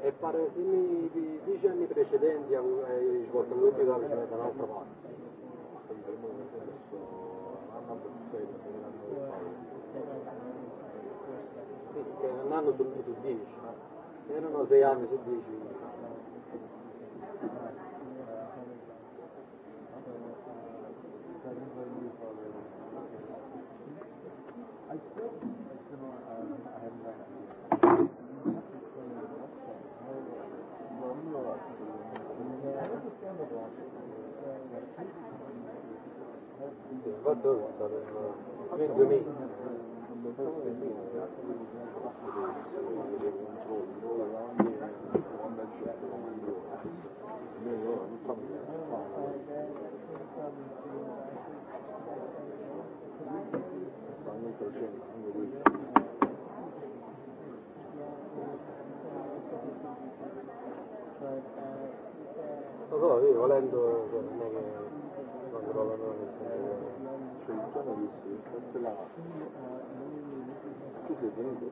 E pare se nei dieci anni precedenti hai svolto tutti da cioè, da un'altra parte. Sì, che un anno su, su dieci, eh. erano sei anni su dieci. 22 sarın gün demi. Thank you. Lo so, io volendo cioè, non è che quando lo vanno nel senso cioè il giorno di si cancellava tu sei venuto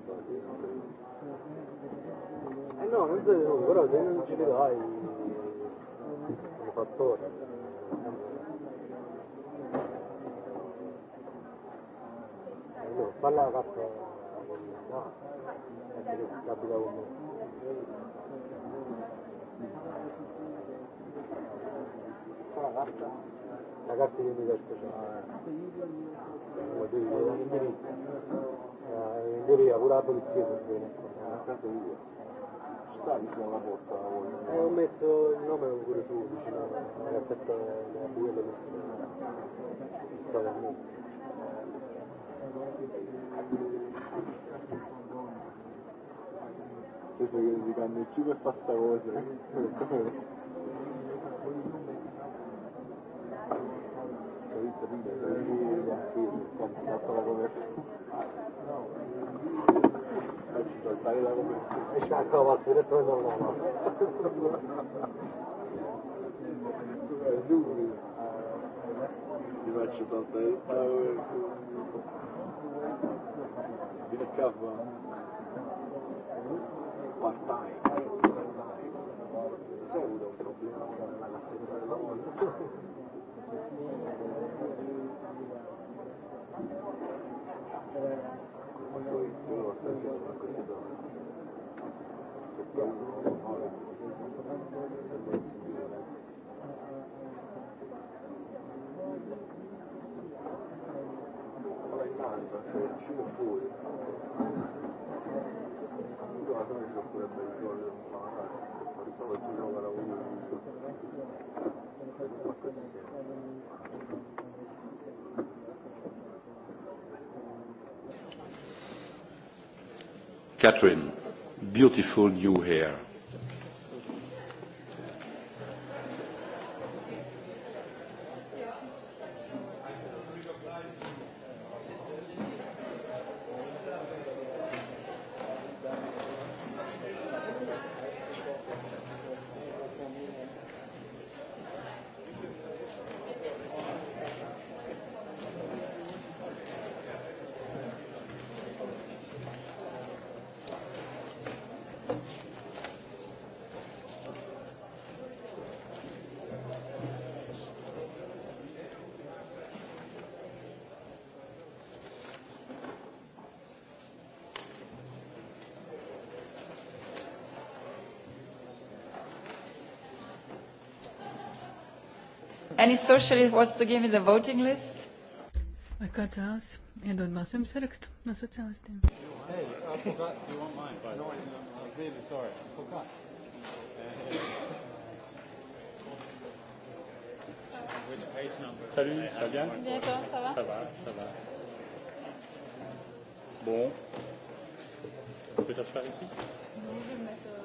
eh no, non sei tu, però se non ci vedrai un fattore そうバラがあったらなだけどラブラをも Ragazzi di università, indirizzo, indirizzo, pure la polizia per bene. A casa mia, ci sta vicino alla porta la voglia. Eh, ho messo il nome pure tu, vicino alla cassetta della buia della storia. Stai sacrificando il cibo e pasta cose. Capito, quindi sei lì da film, quando fatto la copertina. Ci sto stare la copertina. E c'è la pasta direttamente alla mano. È giusto representanter vilka partaj. Pseudo problema Poi se lo sta facendo una cosa da... Faccio fuori. Io la sono messo pure per il giorno del mare, pensavo che tu non la volevi Catherine, beautiful new hair. Any socialist wants to give me the voting list? Vai kāds vēlas iedod balsojumu sarakstu no sociālistiem? Hey, forgot, mine, no, really sorry, Salut, ça va bien Bien toi, ça va Ça va, ça va. Bon. Tu peux t'asseoir ici Non, je vais me mettre...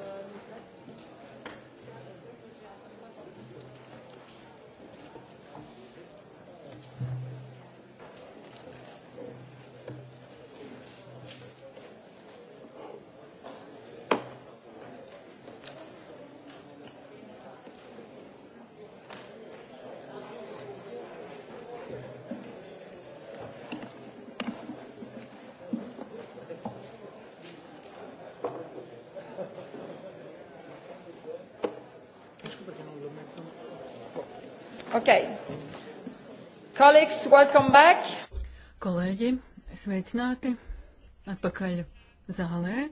Okay. Colleagues, welcome back. Kolēģi, sveicināti atpakaļ zālē.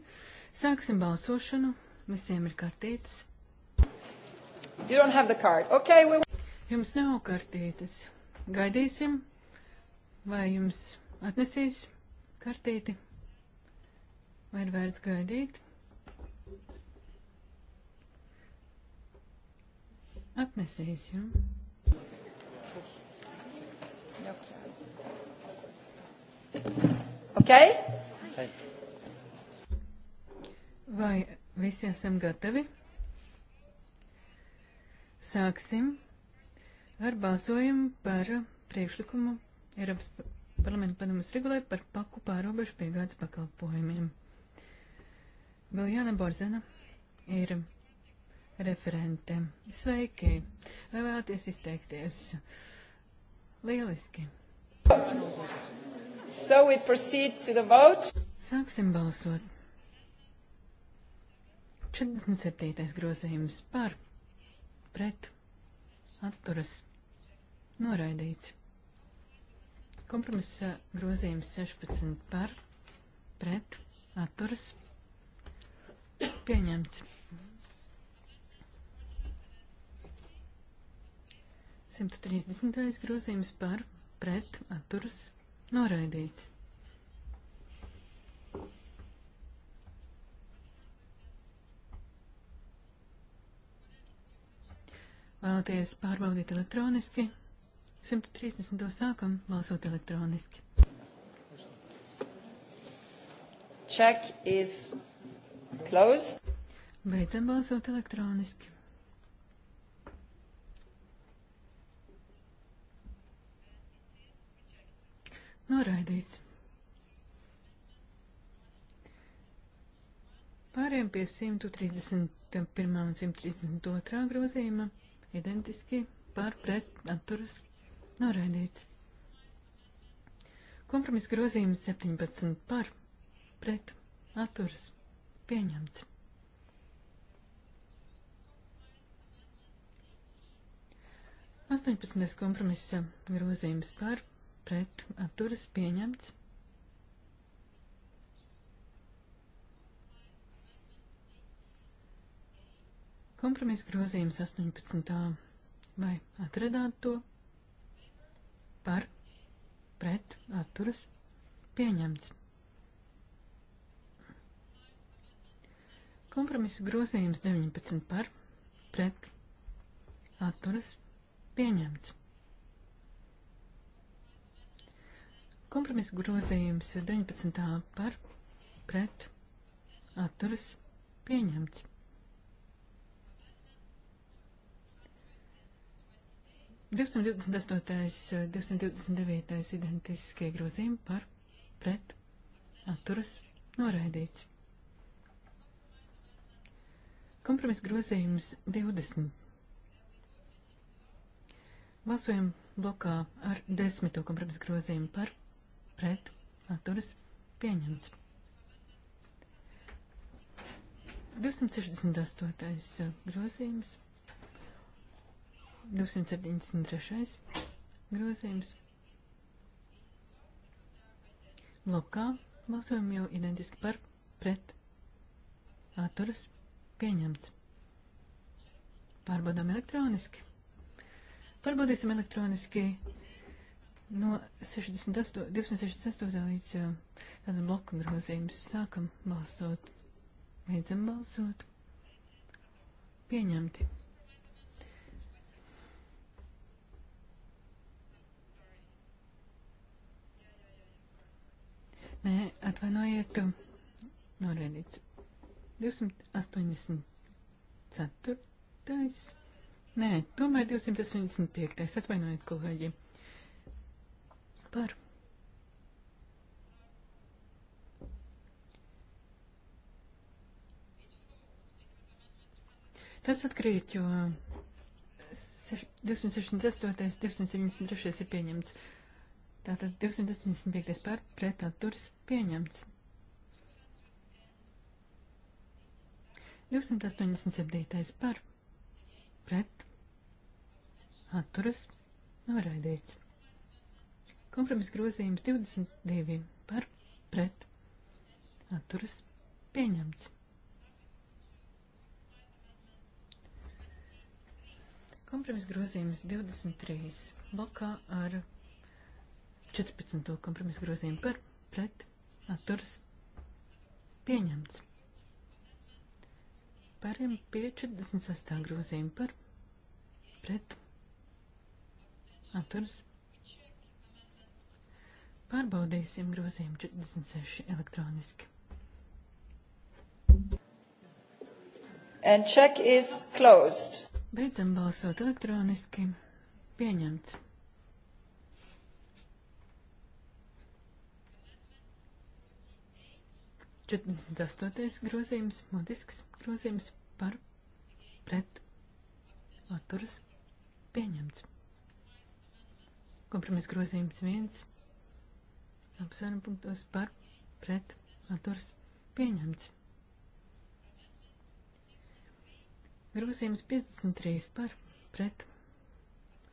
Sāksim balsošanu. Visiem ir kartītes. You don't have the card. Okay, we... Jums nav kartītes. Gaidīsim, vai jums atnesīs kartīti. Vai ir vērts gaidīt? Atnesīs jums. Ja? Okay? Vai visi esam gatavi? Sāksim ar balsojumu par priekšlikumu Eiropas parlamenta padomas regulē par paku pārobežu piegādes pakalpojumiem. Biljana Borzena ir referente. Sveiki! Vai vēlaties izteikties? Lieliski! Yes. So we proceed to the vote. Sāksim balsot. 47. grozījums par, pret, atturas, noraidīts. Kompromisa grozījums 16 par, pret, atturas, pieņemts. 130. grozījums par, pret, atturas, pieņemts. Noraidīts. Vēlaties pārbaudīt elektroniski? 130. sākam balsot elektroniski. Check is closed. Beidzam balsot elektroniski. Noraidīts. Pāriem pie 131. un 132. grozījuma identiski par pret atturas noraidīts. Kompromiss grozījums 17 par pret atturas pieņemts. Astoņpadsmitais kompromiss grozījums par pret atturas pieņemts. Kompromiss grozījums 18. Vai atradāt to? Par, pret, atturas, pieņemts. Kompromisa grozījums 19 par, pret, atturas, pieņemts. Kompromisa grozījums 19. par pret atturas pieņemts. Divsimt divdesmit astotais, divsimt divdesmit devītais identiskie grozījumi par pret atturas noraidīts. Kompromis grozījums 20. Balsojam blokā ar desmito kompromis grozījumu par pret atturas pieņemts. 268. Uh, grozījums, 273. grozījums. Lokā balsojam jau identiski par pret atturas pieņemts. Pārbaudām elektroniski. Pārbaudīsim elektroniski No 68, 268 līdz tādam blokam grozījums sākam balsot, beidzam balsot, pieņemti. Nē, atvainojiet, norēdīts. 284. Nē, tomēr 285. Atvainojiet, kolēģi par. Tas atkrīt, jo 268, 273 ir pieņemts. Tātad 285 par pret atturas pieņemts. 287 par pret atturas noraidīts. Kompromis grozījums 22 par pret atturas pieņemts. Kompromis grozījums 23 blokā ar 14. kompromis grozījumu par pret atturas pieņemts. Pāriem pie 46. grozījumu par pret atturas pieņemts Pārbaudīsim grozījumu 46 elektroniski. And check is closed. Beidzam balsot elektroniski. Pieņemts. Četrdesmit astotais grozījums, mutisks grozījums par pret atturas pieņemts. Kompromiss grozījums viens apsvērumu punktos par pret atturs pieņemts. Grūzījums 53 par pret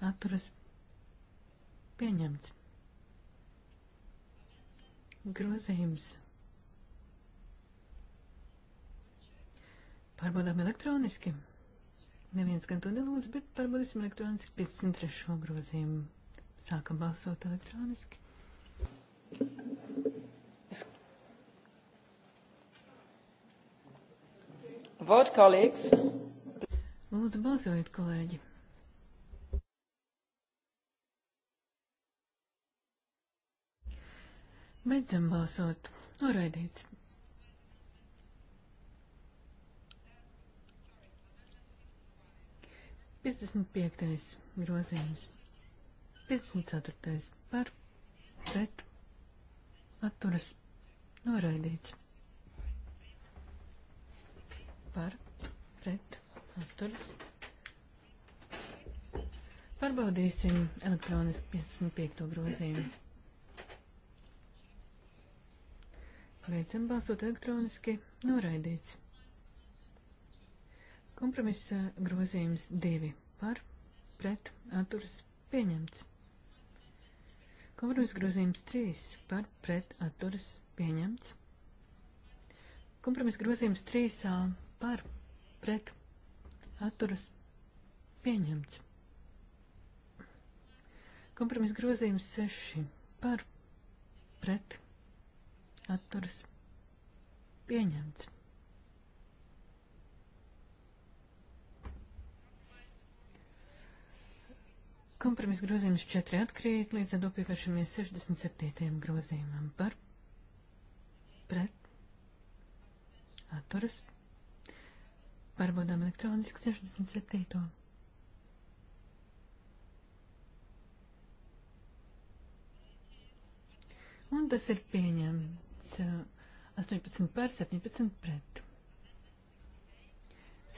atturas pieņemts. Grūzījums. Pārbaudām elektroniski. Neviens gan to nelūdz, bet pārbaudīsim elektroniski 53. grozījumu. Sākam balsot elektroniski. Vote, colleagues. Lūdzu, balsojiet, kolēģi. Beidzam balsot. Noraidīts. Piecdesmit piektais grozījums. Piecdesmit ceturtais par pret atturas noraidīts. Par, pret, atturas. Pārbaudīsim elektronisku 55. grozījumu. Beidzam balsot elektroniski, noraidīts. Kompromisa grozījums 2 par, pret, atturas pieņemts. Kompromiss grozījums 3 par pret atturas pieņemts. Kompromiss grozījums 3 par pret atturas pieņemts. Kompromiss grozījums 6 par pret atturas pieņemts. Kompromiss grozījums 4 atkrīt, līdz ar to pievēršamies 67. grozījumam par pret atturas. Pārbaudām elektroniski 67. Un tas ir pieņemts 18 pār 17 pret.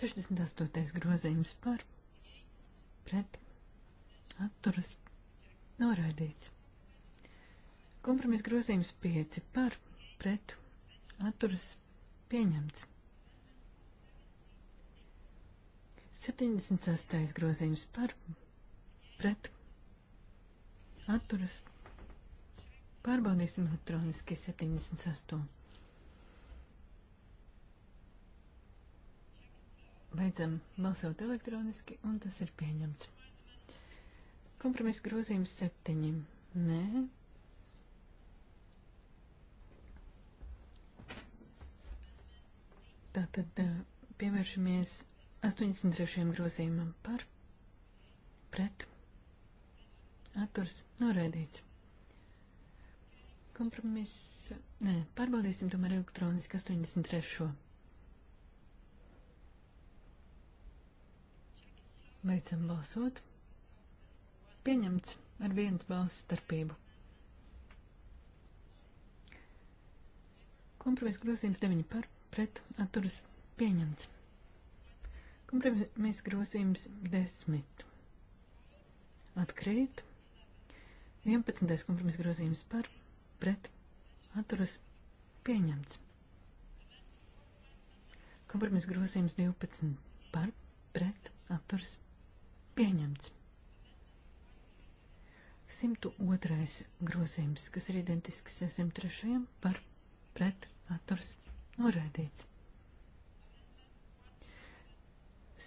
68. grozījums par pret atturas noraidīts. Kompromiss grozījums 5 par pret atturas pieņemts. 76. grozījums par pret atturas. Pārbaudīsim elektroniski 78. Beidzam balsot elektroniski un tas ir pieņemts. Kompromisa grozījums septiņi. Nē. Tātad pievēršamies 83. grozījumam par pret atturs noraidīts. Kompromiss, nē, pārbaudīsim tomēr elektroniski 83. Beidzam balsot. Pieņemts ar vienas balss starpību. Kompromisa grozījums 9 par pret atturas pieņemts. Kompromisa grozījums 10 atkrīt. 11. kompromisa grozījums par pret atturas pieņemts. Kompromisa grozījums 12 par pret atturas pieņemts. 102. grozījums, kas ir identisks 103. par pret atturs noraidīts.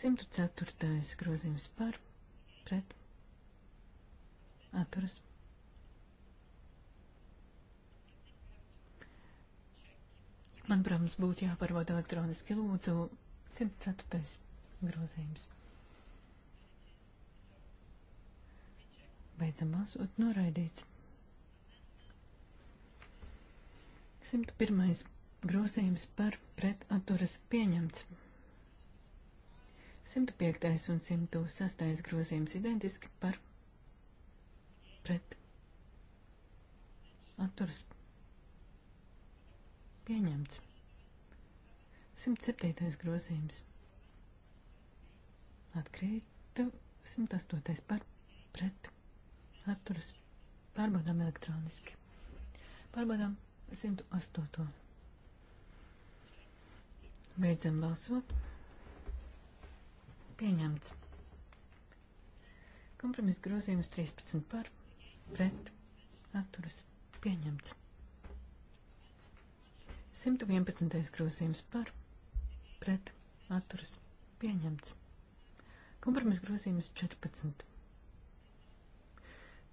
104. grozījums par pret atturs. Man, protams, būtu jāparvada elektroniski lūdzu 104. grozījums. Beidzam balsot, noraidīts. 101. grozījums par pretaturas pieņemts. 105. un 106. grozījums identiski par pret atturas pieņemts. 107. grozījums atkrīt 108. par pret atturas pārbaudām elektroniski. Pārbaudām 108. Beidzam balsot. Pieņemts. Kompromiss grozījums 13 par, pret, atturas pieņemts. 111. grozījums par, pret, atturas pieņemts. Kompromiss grozījums 14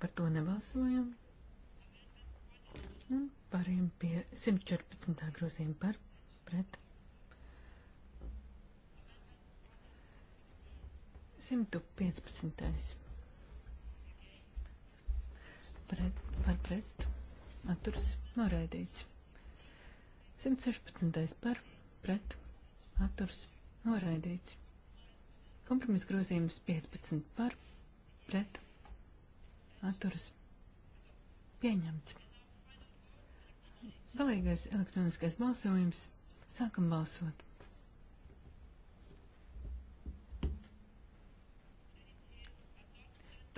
Par to nebalsojam. Un pārējiem pie 114. grozījuma par pret. 115. Pret, par pret. Atturas noraidīts. 116. par pret. Atturas noraidīts. Kompromiss grozījums 15 par pret atturas pieņemts. Galīgais elektroniskais balsojums. Sākam balsot.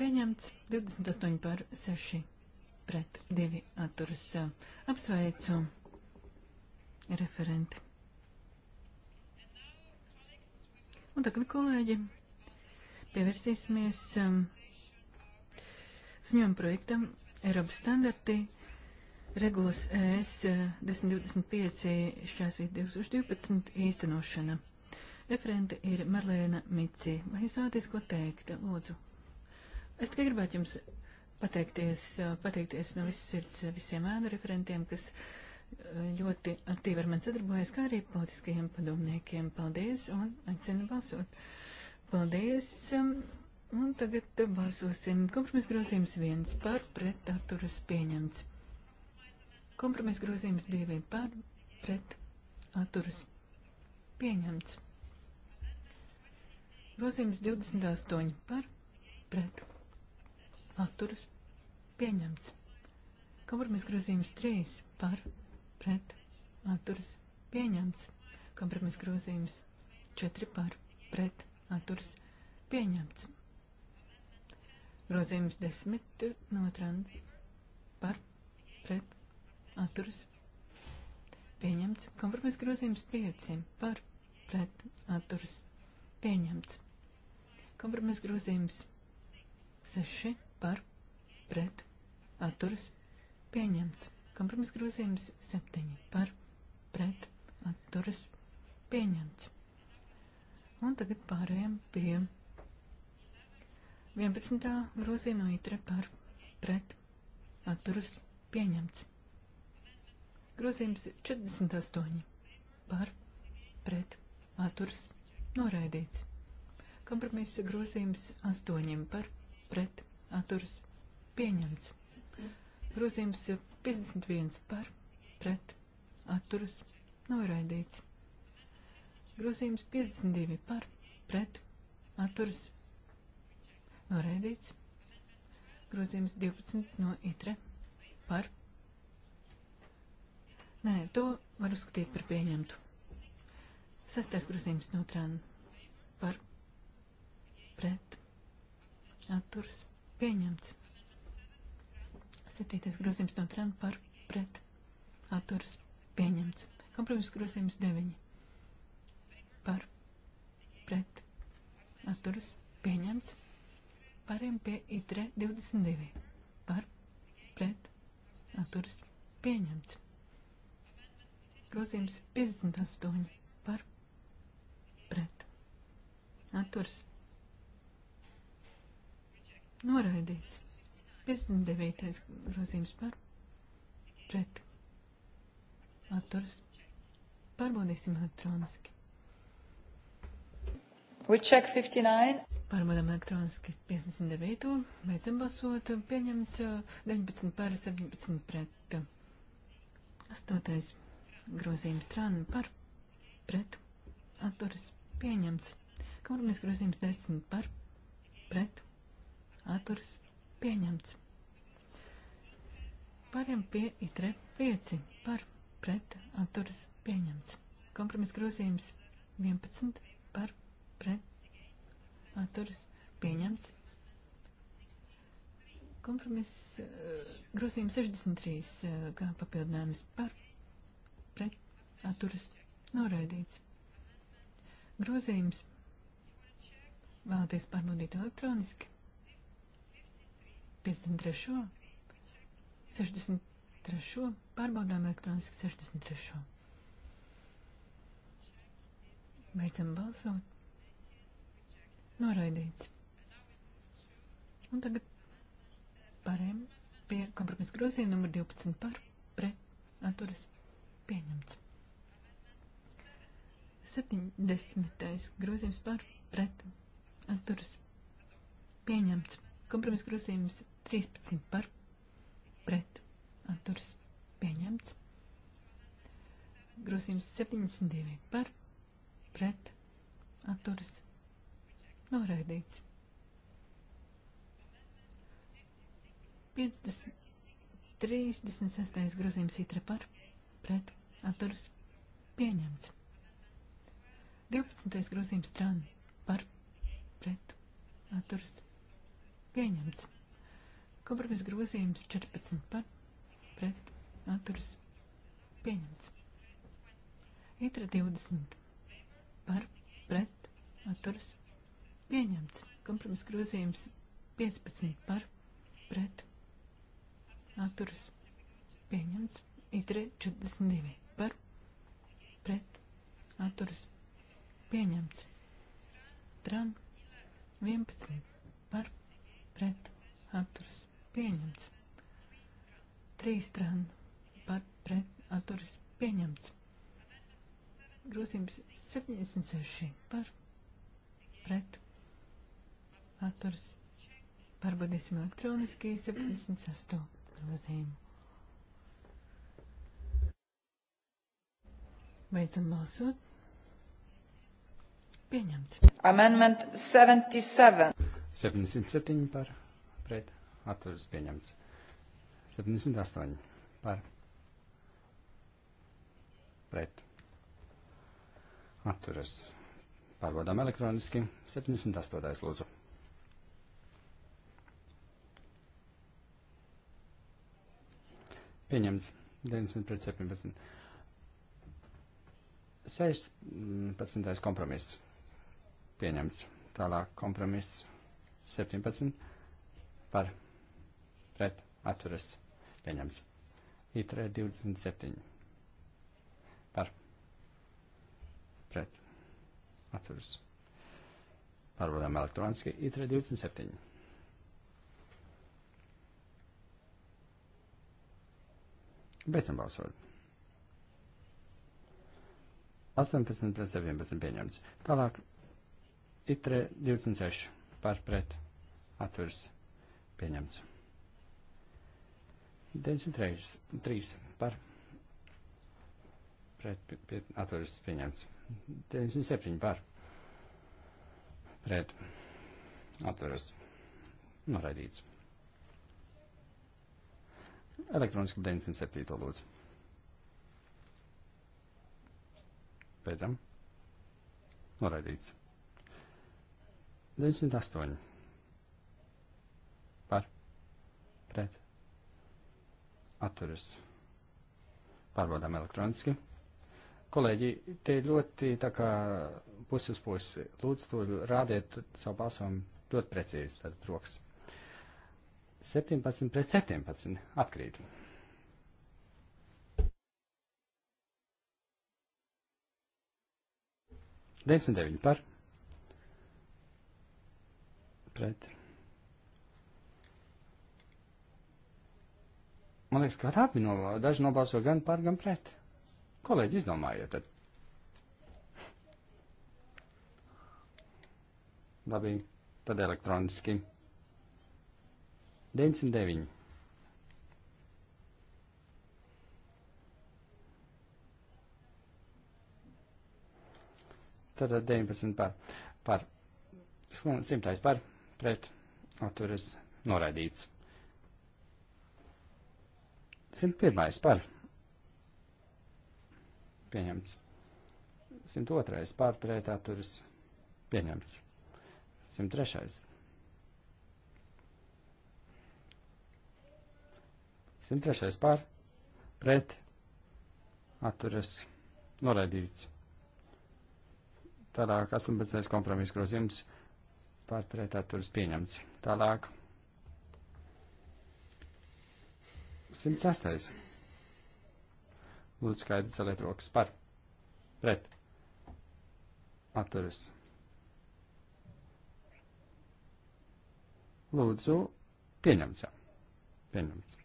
Pieņemts 28 par 6 pret 2 atturas. Apsveicu referenti. Un tagad, kolēģi, pievērsīsimies um, Ziņojuma projektam Eiropas standarti regulas ES 1025 šķērsvīt 2012 īstenošana. Referente ir Marlēna Mici. Vai jūs vēlaties ko teikt? Lūdzu. Es tikai gribētu jums pateikties, eh, pateikties no visas sirds visiem ēnu referentiem, kas eh, ļoti aktīvi ar mani sadarbojas, kā arī politiskajiem padomniekiem. Paldies un aicinu balsot. Paldies. Ehm, Un tagad balsosim. Kompromis grozījums viens par pret atturas pieņemts. Kompromis grozījums divi par pret atturas pieņemts. Grozījums 28 par pret atturas pieņemts. Kompromis grozījums 3 par pret atturas pieņemts. Kompromis grozījums 4 par pret atturas pieņemts. Grozījums desmit no tranda par pret atturas pieņemts. Kompromiss grozījums pieci par pret atturas pieņemts. Kompromiss grozījums seši par pret atturas pieņemts. Kompromiss grozījums septiņi par pret atturas pieņemts. Un tagad pārējām pie 11. grozījuma itre par pret atturas pieņemts. Grozījums 48 par pret atturas noraidīts. Kompromisa grozījums 8 par pret atturas pieņemts. Grozījums 51 par pret atturas noraidīts. Grozījums 52 par pret atturas pieņemts. Noraidīts. Grozījums 12 no itre par. Nē, to var uzskatīt par pieņemtu. Sastais grozījums no trāna par. Pret. Atturas. Pieņemts. Septītais grozījums no trāna par. Pret. Atturas. Pieņemts. Kompromiss grozījums 9 par. Pret. Atturas. Pieņemts. Pāriem pie ITRE 22. Par, pret, atturas pieņemts. Grozījums 58. Par, pret, atturas noraidīts. 59. grozījums par, pret, atturas pārbaudīsim elektroniski. We check 59. Pārbaudām elektroniski 59. Beidzam balsot. Pieņemts 19 uh, par 17 pret. 8. grozījums strāna par pret. Atturas pieņemts. Kompromis grozījums 10 par pret. Atturas pieņemts. Pāriem pie itre 5 par pret. Atturas pieņemts. Kompromis grozījums 11 par pret atturas pieņemts. Kompromiss eh, grozījums 63 eh, kā papildinājums par pret atturas noraidīts. Grozījums vēlaties pārbaudīt elektroniski. 53. 63. pārbaudām elektroniski 63. Beidzam balsot. Noraidīts. Un tagad pārējām pie kompromisa grozījuma numur 12 par pret atturas pieņemts. 70. grozījums par pret atturas pieņemts. Kompromisa grozījums 13 par pret atturas pieņemts. Grozījums 72 par pret atturas Noraidīts. 50, 36. grozījums itra par, pret, atturas, pieņemts. 12. grozījums strāni par, pret, atturas, pieņemts. Kompromis grozījums 14 par, pret, atturas, pieņemts. Itra 20 par, pret, atturas, pieņemts pieņemts. Kompromiss grozījums 15 par pret atturas pieņemts. Itre 42 par pret atturas pieņemts. Tram 11 par pret atturas pieņemts. Trīs tran par pret atturas pieņemts. Grozījums 76 par pret atturs. Pārbaudīsim elektroniski 76. grozījumu. Beidzam balsot. Pieņemts. Amendment 77. 77 par pret atturas pieņemts. 78 par pret atturas. Pārbaudām elektroniski. 78. lūdzu. Pieņemts 90 pret 17. 16. kompromiss. Pieņemts. Tālāk kompromiss 17 par pret atturas. Pieņemts. Itrē 27 par pret atturas. Pārbaudām elektroniski. Itrē 27. Beidzam balsot. 18 pret 17 pieņemts. Tālāk itre 26 par pret atvers pieņemts. 93 3 par pret pie, atvers pieņemts. 97 par pret atvers noraidīts. Elektroniski 97. lūdzu. Beidzam. Noraidīts. 98. Par. Pret. Atturas. Pārbaudām elektroniski. Kolēģi, te ļoti tā kā puses pusi. Lūdzu, to rādiet savu balsojumu ļoti precīzi, tad rokas. 17 pret 17 atkrīt. Desmit deviņi par. Pret. Man liekas, ka rāpi no, daži nobalso gan par, gan pret. Kolēģi, izdomājiet tad. Labi, tad elektroniski. 99. Tātad 19 par, par 100 par pret atturas noraidīts. 101 par pieņemts. 102 par pret atturas pieņemts. 103 103. pār pret atturas noraidīts. Tālāk 18. kompromiss grozījums pār pret atturas pieņemts. Tālāk 106. Lūdzu, skaidri celiet rokas par pret atturas. Lūdzu, pieņemts. Pieņemts.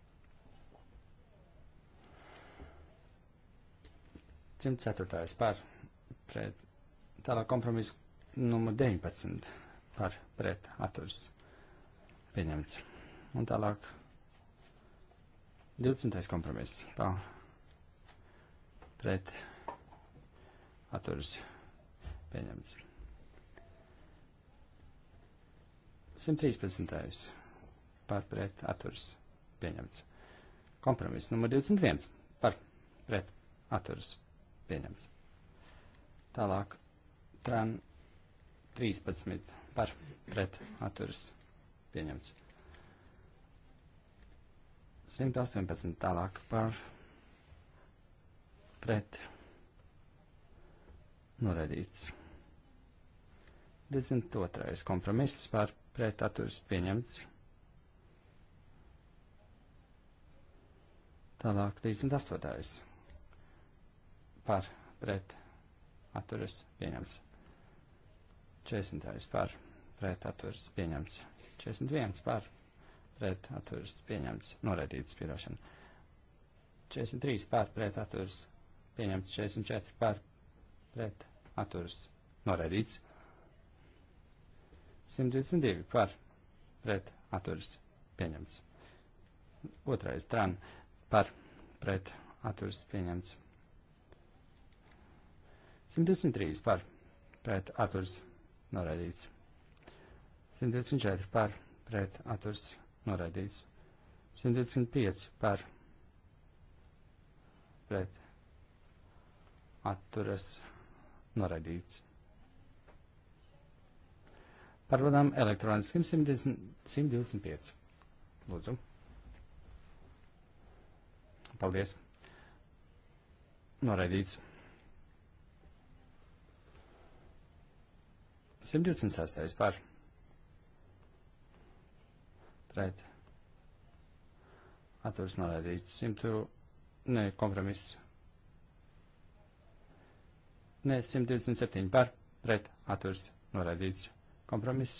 104. par pret. Tālāk kompromiss numur 19 par pret atturs pieņemts. Un tālāk 20. kompromiss par pret atturs pieņemts. 113. par pret atturs pieņemts. Kompromiss numur 21 par pret atturs pieņemts pieņemts. Tālāk, tran 13 par pret atturas pieņemts. 118 tālāk par pret noraidīts. 22. kompromiss par pret atturas pieņemts. Tālāk 38 par pret atturas pieņems. 40. par pret atturas pieņems. 41. par pret atturas pieņems. Noraidīts piedošana. 43. par pret atturas pieņemts. 44. par pret atturas noraidīts. 122 par pret atturas pieņemts. Otrais tran par pret atturas pieņemts. 123 par pret atturs noraidīts. 124 par pret atturs noraidīts. 125 par pret atturas noraidīts. Pārvadām elektroniskiem 125. Lūdzu. Paldies. Noraidīts. 126. par pret atturas norādīts. 100, ne, kompromiss. Nē, 127 par pret atturas norādīts. Kompromiss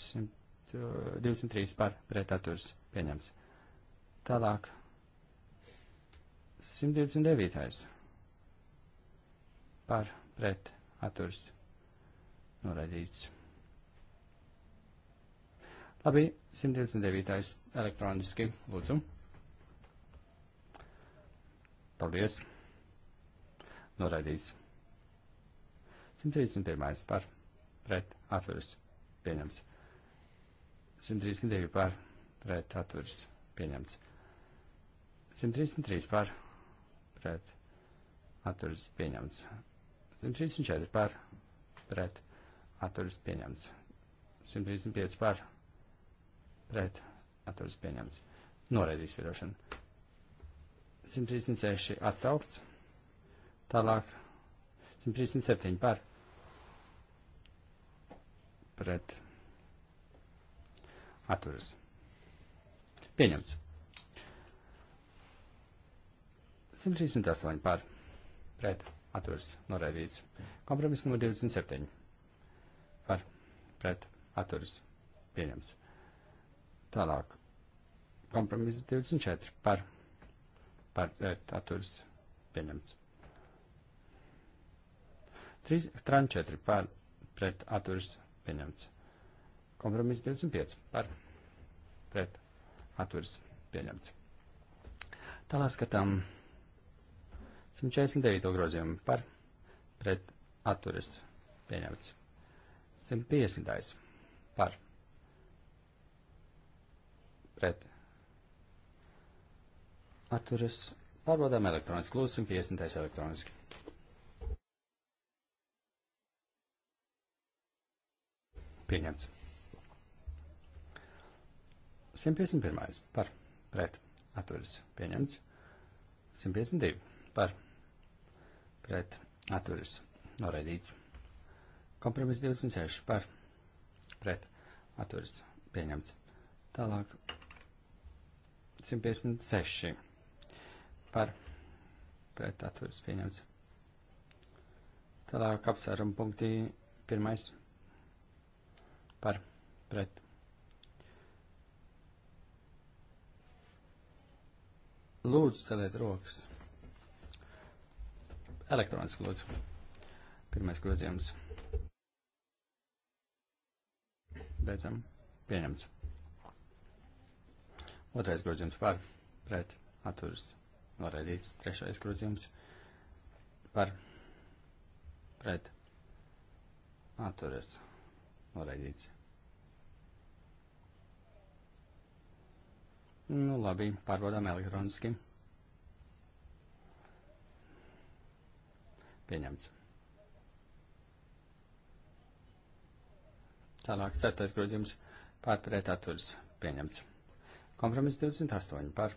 23 par pret atturas pieņems. Tālāk. 129. par pret atturas norādīts. Labi, 129. elektroniski, lūdzu. Paldies. Noraidīts. 131. par pret atveres pieņemts. 132 par pret atveres pieņemts. 133 par pret atveres pieņemts. 134 par pret atveres pieņemts. 135 par pret pret atturas pieņemts. Noraidīs vīrošanu. 136 atsaukts. Tālāk 137 par pret atturas. Pieņemts. 138 par pret atturas noraidīts. Kompromiss numur 27 par pret atturas pieņemts. Tālāk. Kompromiss 24 par, par eh, atturs pieņemts. Tran 4 par pret atturs pieņemts. Kompromiss 25 par pret atturs pieņemts. Tālāk skatām 149. grozījumu par pret atturas pieņemts. 150. par pret pret atturas pārbaudām elektroniski. Lūdzu, 150. elektroniski. Pieņemts. 151. par pret atturas pieņemts. 152. par pret atturas noraidīts. Kompromiss 26 par pret atturas pieņemts. Tālāk 156 par pret atturas pieņemts. Tālāk apsvērumu punktī pirmais par pret. Lūdzu, celiet rokas. Elektroniski lūdzu. Pirmais grozījums. Beidzam. Pieņemts. Otrais grozījums par pret atturas noraidīts. Trešais grozījums par pret atturas noraidīts. Nu, labi, pārbaudām elektroniski. Pieņemts. Tālāk, ceturtais grozījums pārpretā turis pieņemts. Kompromiss 28 par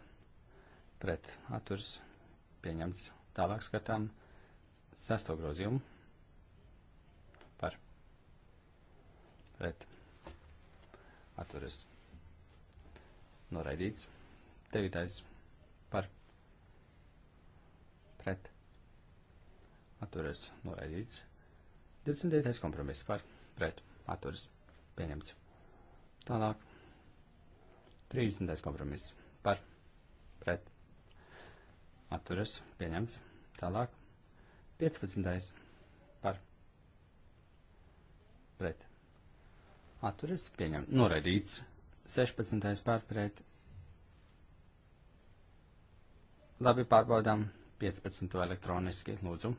pret atturs pieņemts. Tālāk skatām sesto grozījumu par pret atturas noraidīts. Devītais par pret atturas noraidīts. 29. kompromiss par pret atturas pieņemts. Tālāk 30. kompromiss par pret atturas pieņemts. Tālāk 15. par pret atturas pieņemts. Noraidīts 16. par pret. Labi pārbaudām 15. elektroniski lūdzu.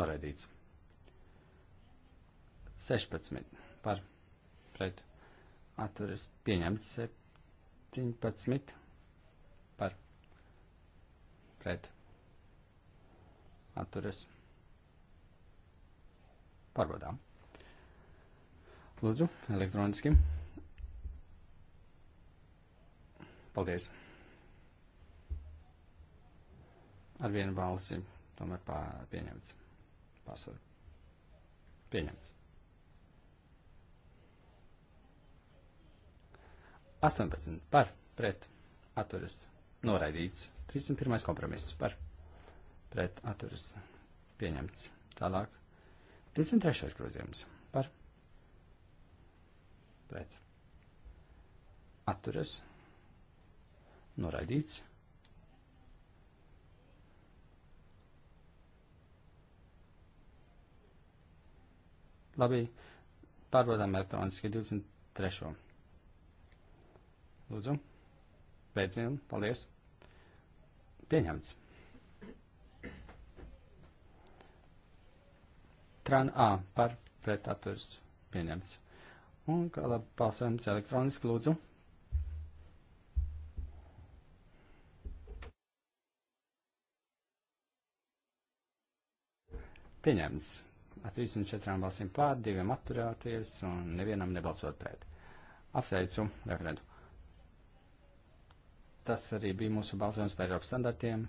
Noraidīts. 16 par pret atturas pieņemts 17 par pret atturas pārbaudām. Lūdzu, elektroniski. Paldies. Ar vienu balsi tomēr pieņemts. Pārsvaru. Pieņemts. 18 par pret atturas noraidīts. 31. kompromiss par pret atturas pieņemts. Tālāk 23. grozījums par pret atturas noraidīts. Labi, pārbaudām elektroniski 23. Lūdzu. Beidzam. Paldies. Pieņemts. Tran A par pretaturs pieņemts. Un kā labi balsojums elektroniski lūdzu. Pieņemts. Ar 34 balsīm pār, diviem atturēties un nevienam nebalsot pret. Apsveicu referentu. Tas arī bija mūsu balsojums par Eiropas standartiem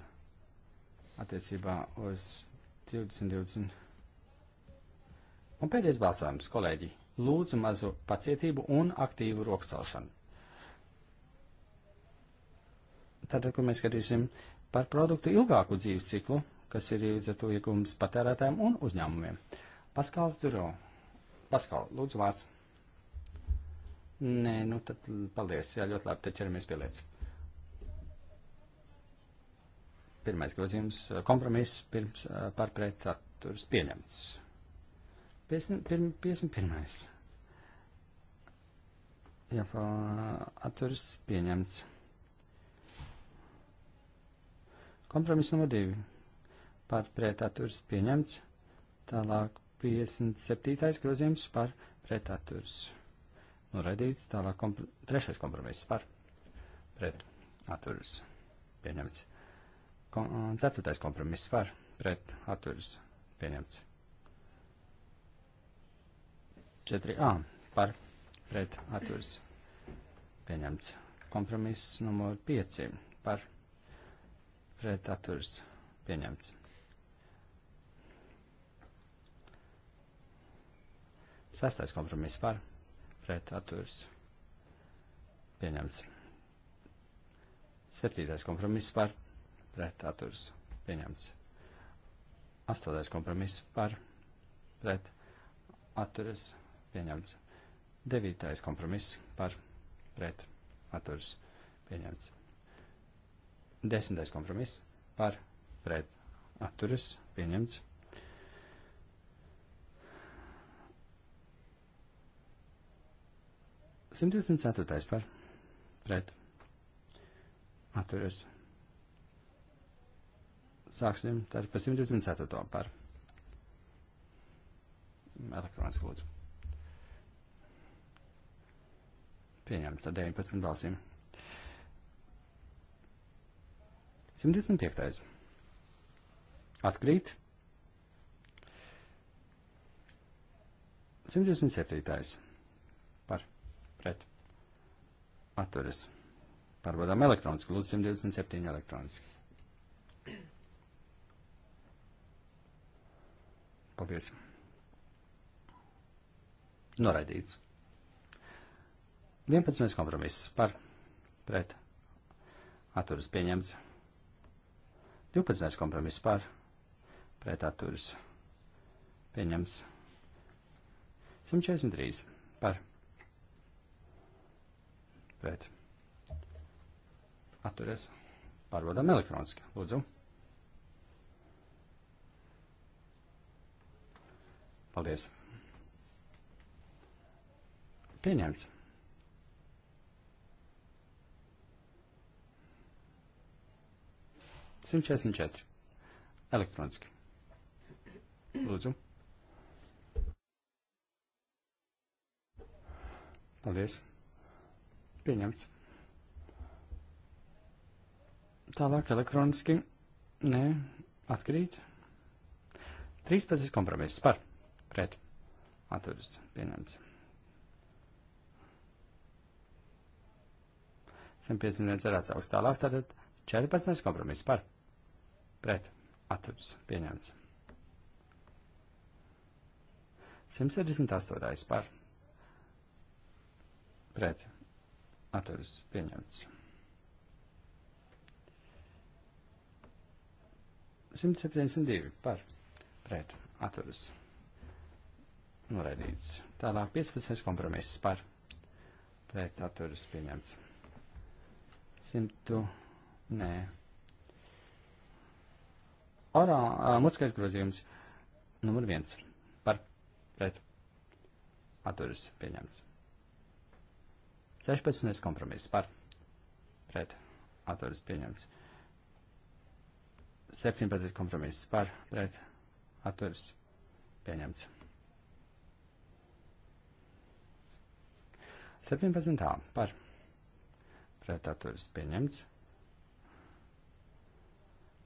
attiecībā uz 2020. Un pēdējais balsojums, kolēģi, lūdzu mazu pacietību un aktīvu rokcelšanu. Tātad, ko mēs skatīsim par produktu ilgāku dzīves ciklu, kas ir līdz ar to iegums patērētājiem un uzņēmumiem. Paskāls Duro. Paskāl, lūdzu vārds. Nē, nu tad paldies. Jā, ļoti labi, te ķeramies pie lietas. Pirmais grozījums eh, - kompromiss pirms eh, par pret atturas pieņemts. 51. Jā, atturas pieņemts. Kompromiss numur 2 - par pret atturas pieņemts. Tālāk 57. grozījums par pret atturas. Noraidīts tālāk kompr trešais kompromiss par pret atturas pieņemts. Kon ceturtais kompromiss var pret atturas pieņemts. 4a par pret atturas pieņemts. Kompromiss numur 5 par pret atturas pieņemts. 6. kompromiss var pret atturas pieņemts. 7. kompromiss var pret atturas pieņemts. Astotais kompromiss par pret atturas pieņemts. Devītais kompromiss par pret atturas pieņemts. Desmitais kompromiss par pret atturas pieņemts. Simtdesmit ceturtais par pret atturas pieņemts. Sāksim tad par 124. par. Elektroniski lūdzu. Pieņemts ar 19 balsīm. 125. Atkrīt. 127. Par. Pret. Atturas. Pārbaudām elektroniski. Lūdzu, 127 elektroniski. Paldies. Noraidīts. 11. kompromiss par pret atturas pieņemts. 12. kompromiss par pret atturas pieņemts. 143 par pret atturas pārbaudām elektroniski. Lūdzu. Paldies! Pieņemts! Simt četrdesmit četri. Elektroniski. Lūdzu. Paldies. Pieņemts. Tālāk elektroniski. Nē, atkrīt. 13. kompromiss par pret atturas pieņemts. 151 ir atsaugs tālāk, tātad 14. kompromiss par pret atturas pieņemts. 168. par pret atturas pieņemts. 172 par pret atturas pieņemts noraidīts. Tālāk 15. kompromiss par pret atturas pieņemts. 100. Nē. Orā, mutiskais grozījums numur 1 par pret atturas pieņemts. 16. kompromiss par pret atturas pieņemts. 17. kompromiss par pret atturas pieņemts. 17. par pretaturas pieņemts.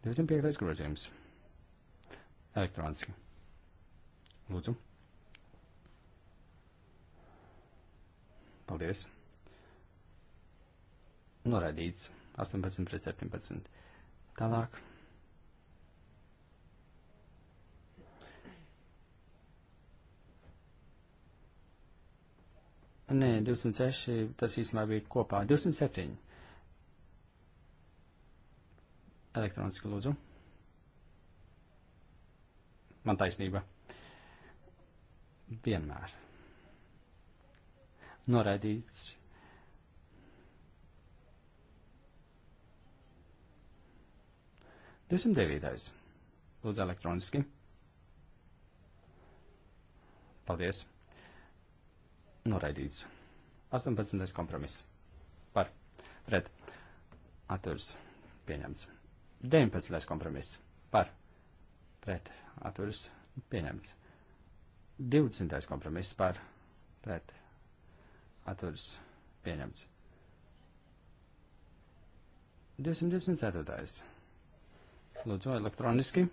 25. grozījums. Elektroniski. Lūdzu. Paldies. Noraidīts. 18 pret 17. Tālāk. Nē, 206, tas īstenībā bija kopā. 207. Elektroniski lūdzu. Man taisnība. Vienmēr. Noraidīts. Divsimt devītais. Lūdzu elektroniski. Paldies. Noraidīts. 18. kompromiss. Par. Pret. Atturs. Pieņemts. 19. kompromiss. Par. Pret. Atturs. Pieņemts. 20. kompromiss. Par. Pret. Atturs. Pieņemts. 224. Lūdzu, elektroniski.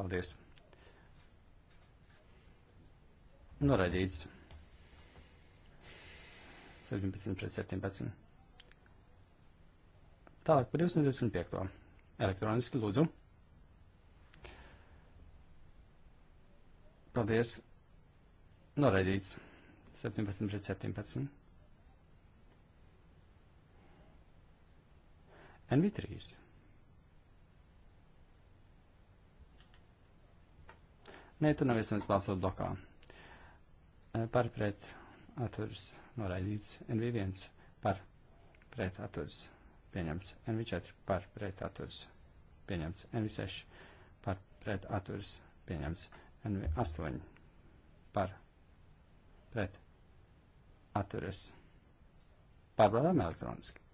Paldies! Noraidīts. 17 pret 17. Tālāk par 225. Elektroniski lūdzu. Paldies. Noraidīts. 17 pret 17. NV3. Nē, tu nav iespējams balsot blokā. Eh, par pret atturas noraidīts, NV1 par pret atturas pieņemts, NV4 par pret atturas pieņemts, NV6 par pret atturas pieņemts, NV8 par pret atturas pārbaudām elektroniski.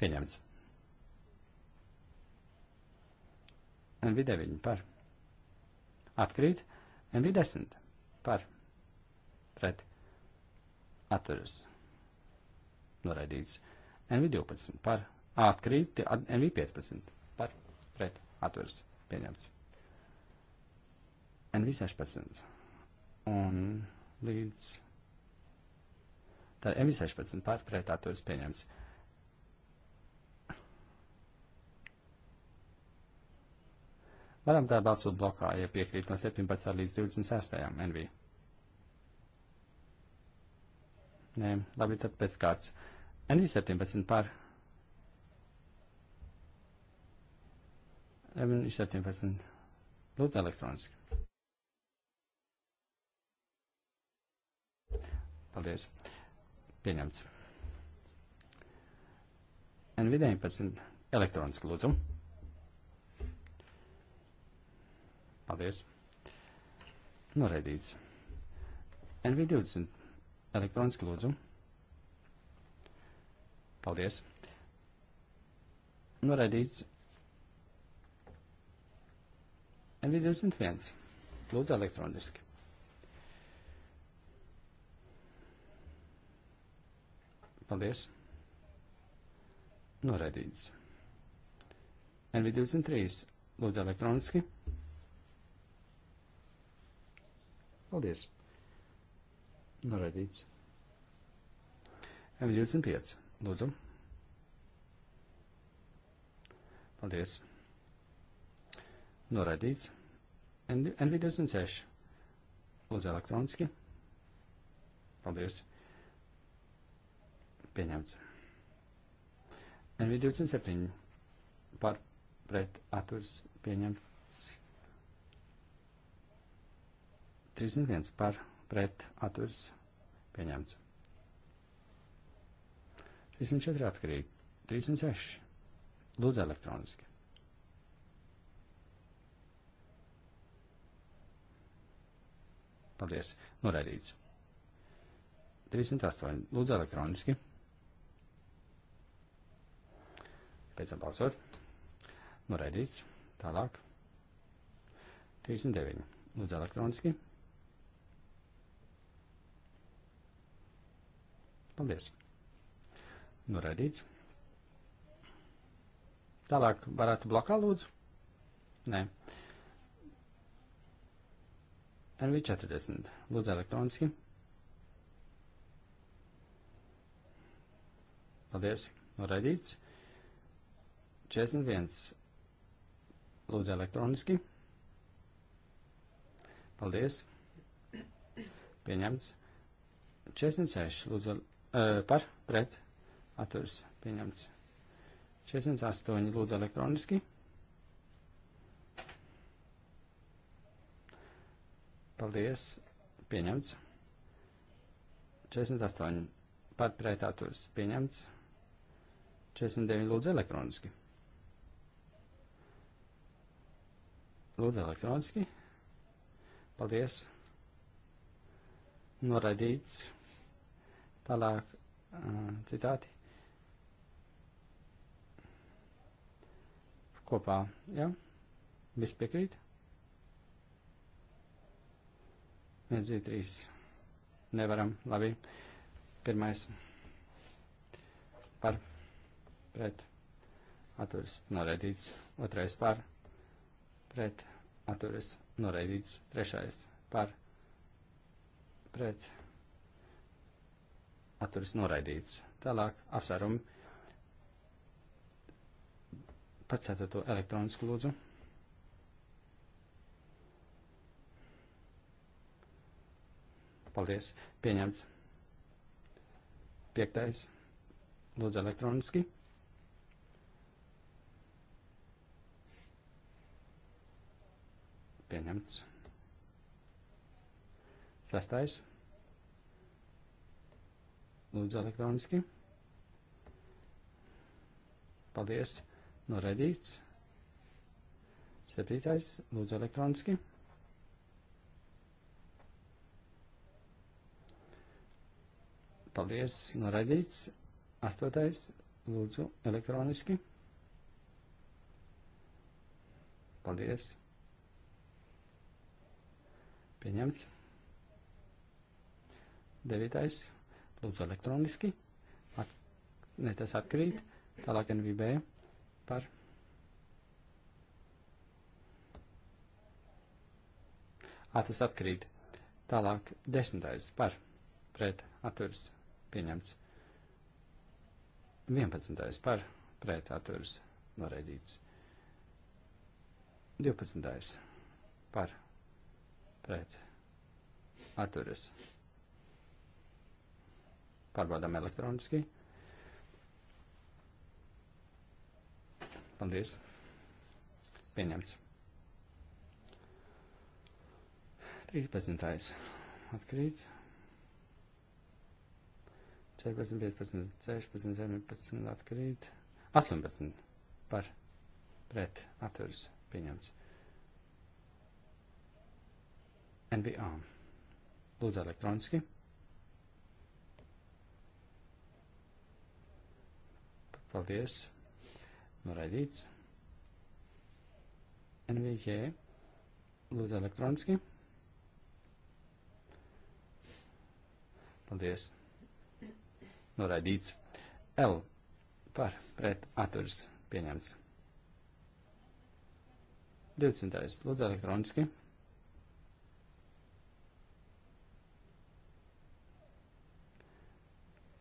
Pieņemts. NV9 par. Atkrīt. NV10 par. Pret. Atturas. Noraidīts. NV12 par. Atkrīt. NV15 par. Pret. Atturas. Pieņemts. NV16 un līdz. Tad NV16 par. Pret. Atturas. Pieņemts. Varam tā balsot blokā, ja piekrīt no 17 līdz 26. NV. Nē, labi, tad pēc kārtas. NV 17 par. NV 17. Lūdzu elektroniski. Paldies. Pieņemts. NV 19. Elektroniski lūdzu. Paldies. Noreidīts. NV20. Elektroniski lūdzu. Paldies. Noraidīts. NV21. Lūdzu elektroniski. Paldies. Noraidīts. NV23. Lūdzu elektroniski. Paldies. Paldies! Noraidīts. M25. Lūdzu. Paldies. Noraidīts. NV26. Lūdzu elektroniski. Paldies. Pieņemts. NV27. Par pret atturs pieņemts. 31 par pret atturas pieņemts. 34 atkarīgi. 36. Lūdzu elektroniski. Paldies. Noraidīts. 38. Lūdzu elektroniski. Beidzam balsot. Noraidīts. Tālāk. 39. Lūdzu elektroniski. Paldies. Noraidīts. Nu, Tālāk varētu blakā lūdzu? Nē. NV40. Lūdzu elektroniski. Paldies. Noraidīts. Nu, 41. Lūdzu elektroniski. Paldies. Pieņemts. 46. Lūdzu par pret atturas pieņemts. 48 lūdzu elektroniski. Paldies, pieņemts. 48 par pret atturas pieņemts. 49 lūdzu elektroniski. Lūdzu elektroniski. Paldies. Noraidīts. Tālāk mm, citāti. Kopā, jā? Ja? Viss piekrīt? 1, 2, 3. Nevaram, labi. Pirmais par pret atturis noraidīts. Otrais par pret atturis noraidīts. Trešais par pret atturas noraidīts. Tālāk apsvērumu par ceturto elektronisku lūdzu. Paldies. Pieņemts. Piektais. Lūdzu elektroniski. Pieņemts. Sastais. Lūdzu, elektroniski. Paldies. Noredīts. Septītais. Lūdzu, elektroniski. Paldies. Noredīts. Astotais. Lūdzu, elektroniski. Paldies. Pieņemts. Devītais. Lūdzu, elektroniski. At... Nē, tas atkrīt. Tālāk NVB par. Ā, tas atkrīt. Tālāk desmitais par pret atturas pieņemts. 11. par pretaturs noraidīts. 12. par pret atturas Pārbaudām elektroniski. Paldies. Pieņemts. 13. Atkrīt. 14, 15, 16, 17 atkrīt. 18 par pret atturis pieņemts. NBA. Lūdzu elektroniski. Paldies. Noraidīts. NVG. Lūdzu elektroniski. Paldies. Noraidīts. L. Par pret atturs pieņemts. 20. Lūdzu elektroniski.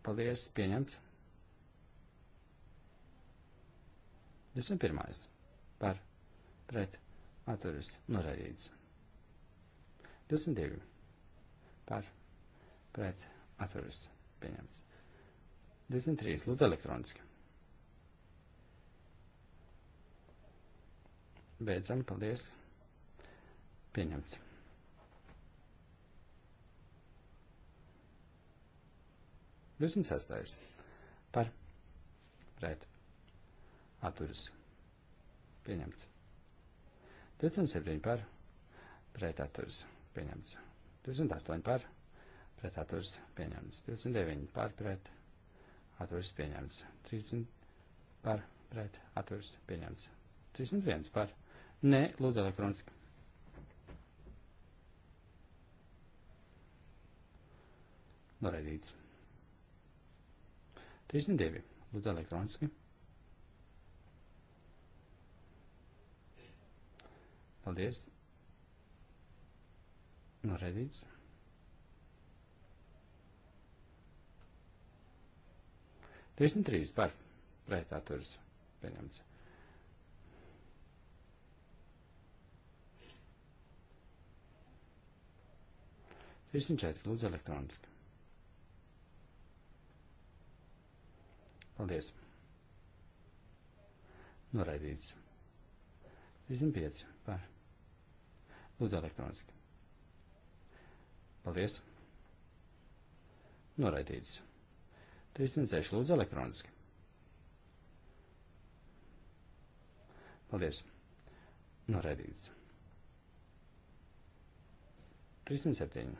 Paldies. Pieņemts. 21. par pret atturas noraidīts. 22. par pret atturas pieņemts. 23. lūdzu elektroniski. Beidzam, paldies. Pieņemts. Divsimt sestais par pret atturas pieņemts. 27 par pret atturas pieņemts. 28 par pret atturas pieņemts. 29 par pret atturas pieņemts. 30 par pret atturas pieņemts. 31 par ne lūdzu elektroniski. Noraidīts. 32. Lūdzu elektroniski. Paldies. Noredīts. Trīsdesmit trīs par pretā turas pieņemts. Trīsdesmit četri lūdzu elektroniski. Paldies. Noraidīts. 35. Lūdzu, elektroniski. Paldies. Noraidīts. 36. Lūdzu, elektroniski. Paldies. Noraidīts. 37.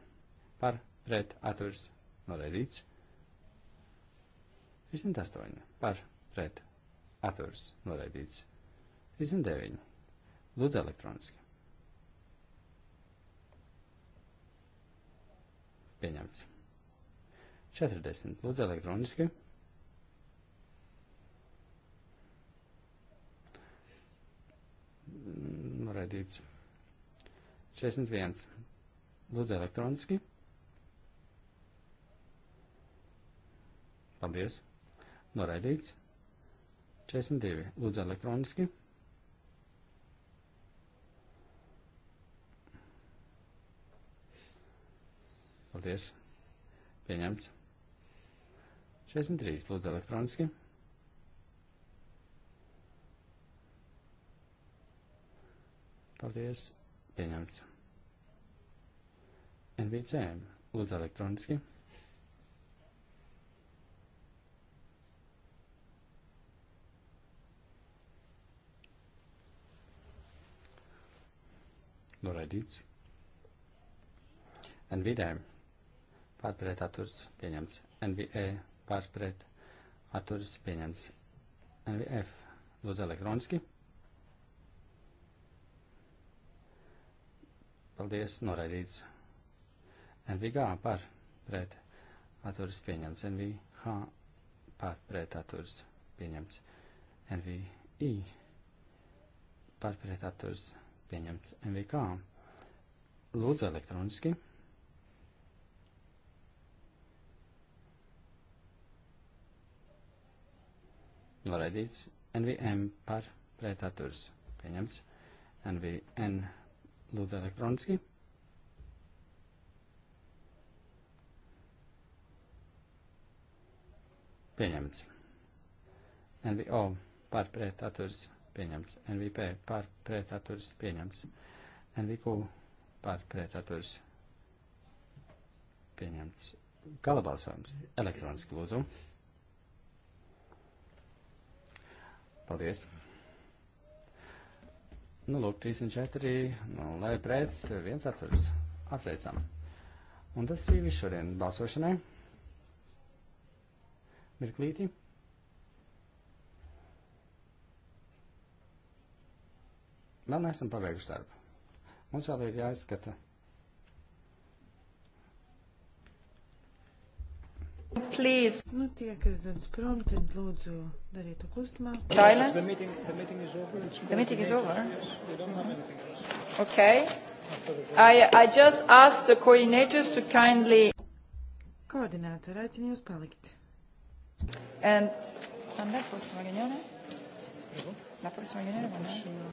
Par, pret, atvers, noraidīts. 38. Par, pret, atvers, noraidīts. 39. Lūdzu, elektroniski. Pieņemts. 40. Lūdzu elektroniski. Noraidīts. 61. Lūdzu elektroniski. Paldies. Noraidīts. 42. Lūdzu elektroniski. Paldies. Pieņemts. 63. Lūdzu elektroniski. Paldies. Pieņemts. NVC. Lūdzu elektroniski. Noraidīts. NVD pārpret atturs pieņemts. NVE pārpret atturs pieņemts. NVF lūdzu elektroniski. Paldies, noraidīts. NVG par pret atturis pieņemts. NVH par pret atturis pieņemts. NVI par pret atturis pieņemts. NVK lūdzu elektroniski. noraidīts, NVM par pretaturs pieņemts, NVN lūdzu elektroniski. Pieņemts. NVO par pretaturs pieņemts, NVP par pretaturs pieņemts, NVQ par pretaturs pieņemts. Gala balsojums elektroniski lūdzu. Paldies! Nu, lūk, 34, nu, lai pret, viens atturis. Atveicam. Un tas arī viss šodien balsošanai. Mirklīti. Vēl neesam pabeiguši darbu. Mums vēl ir jāizskata Please. Nu, tie, kas dodas prom, tad lūdzu dariet to klustumā. Silence. The meeting, the meeting is over. It's the meeting is over. Yes, we don't have anything else. Okay. I, I just asked the coordinators to kindly... Koordinātori aicinu jūs palikt. And... Sandra, prossima riunione? La prossima riunione?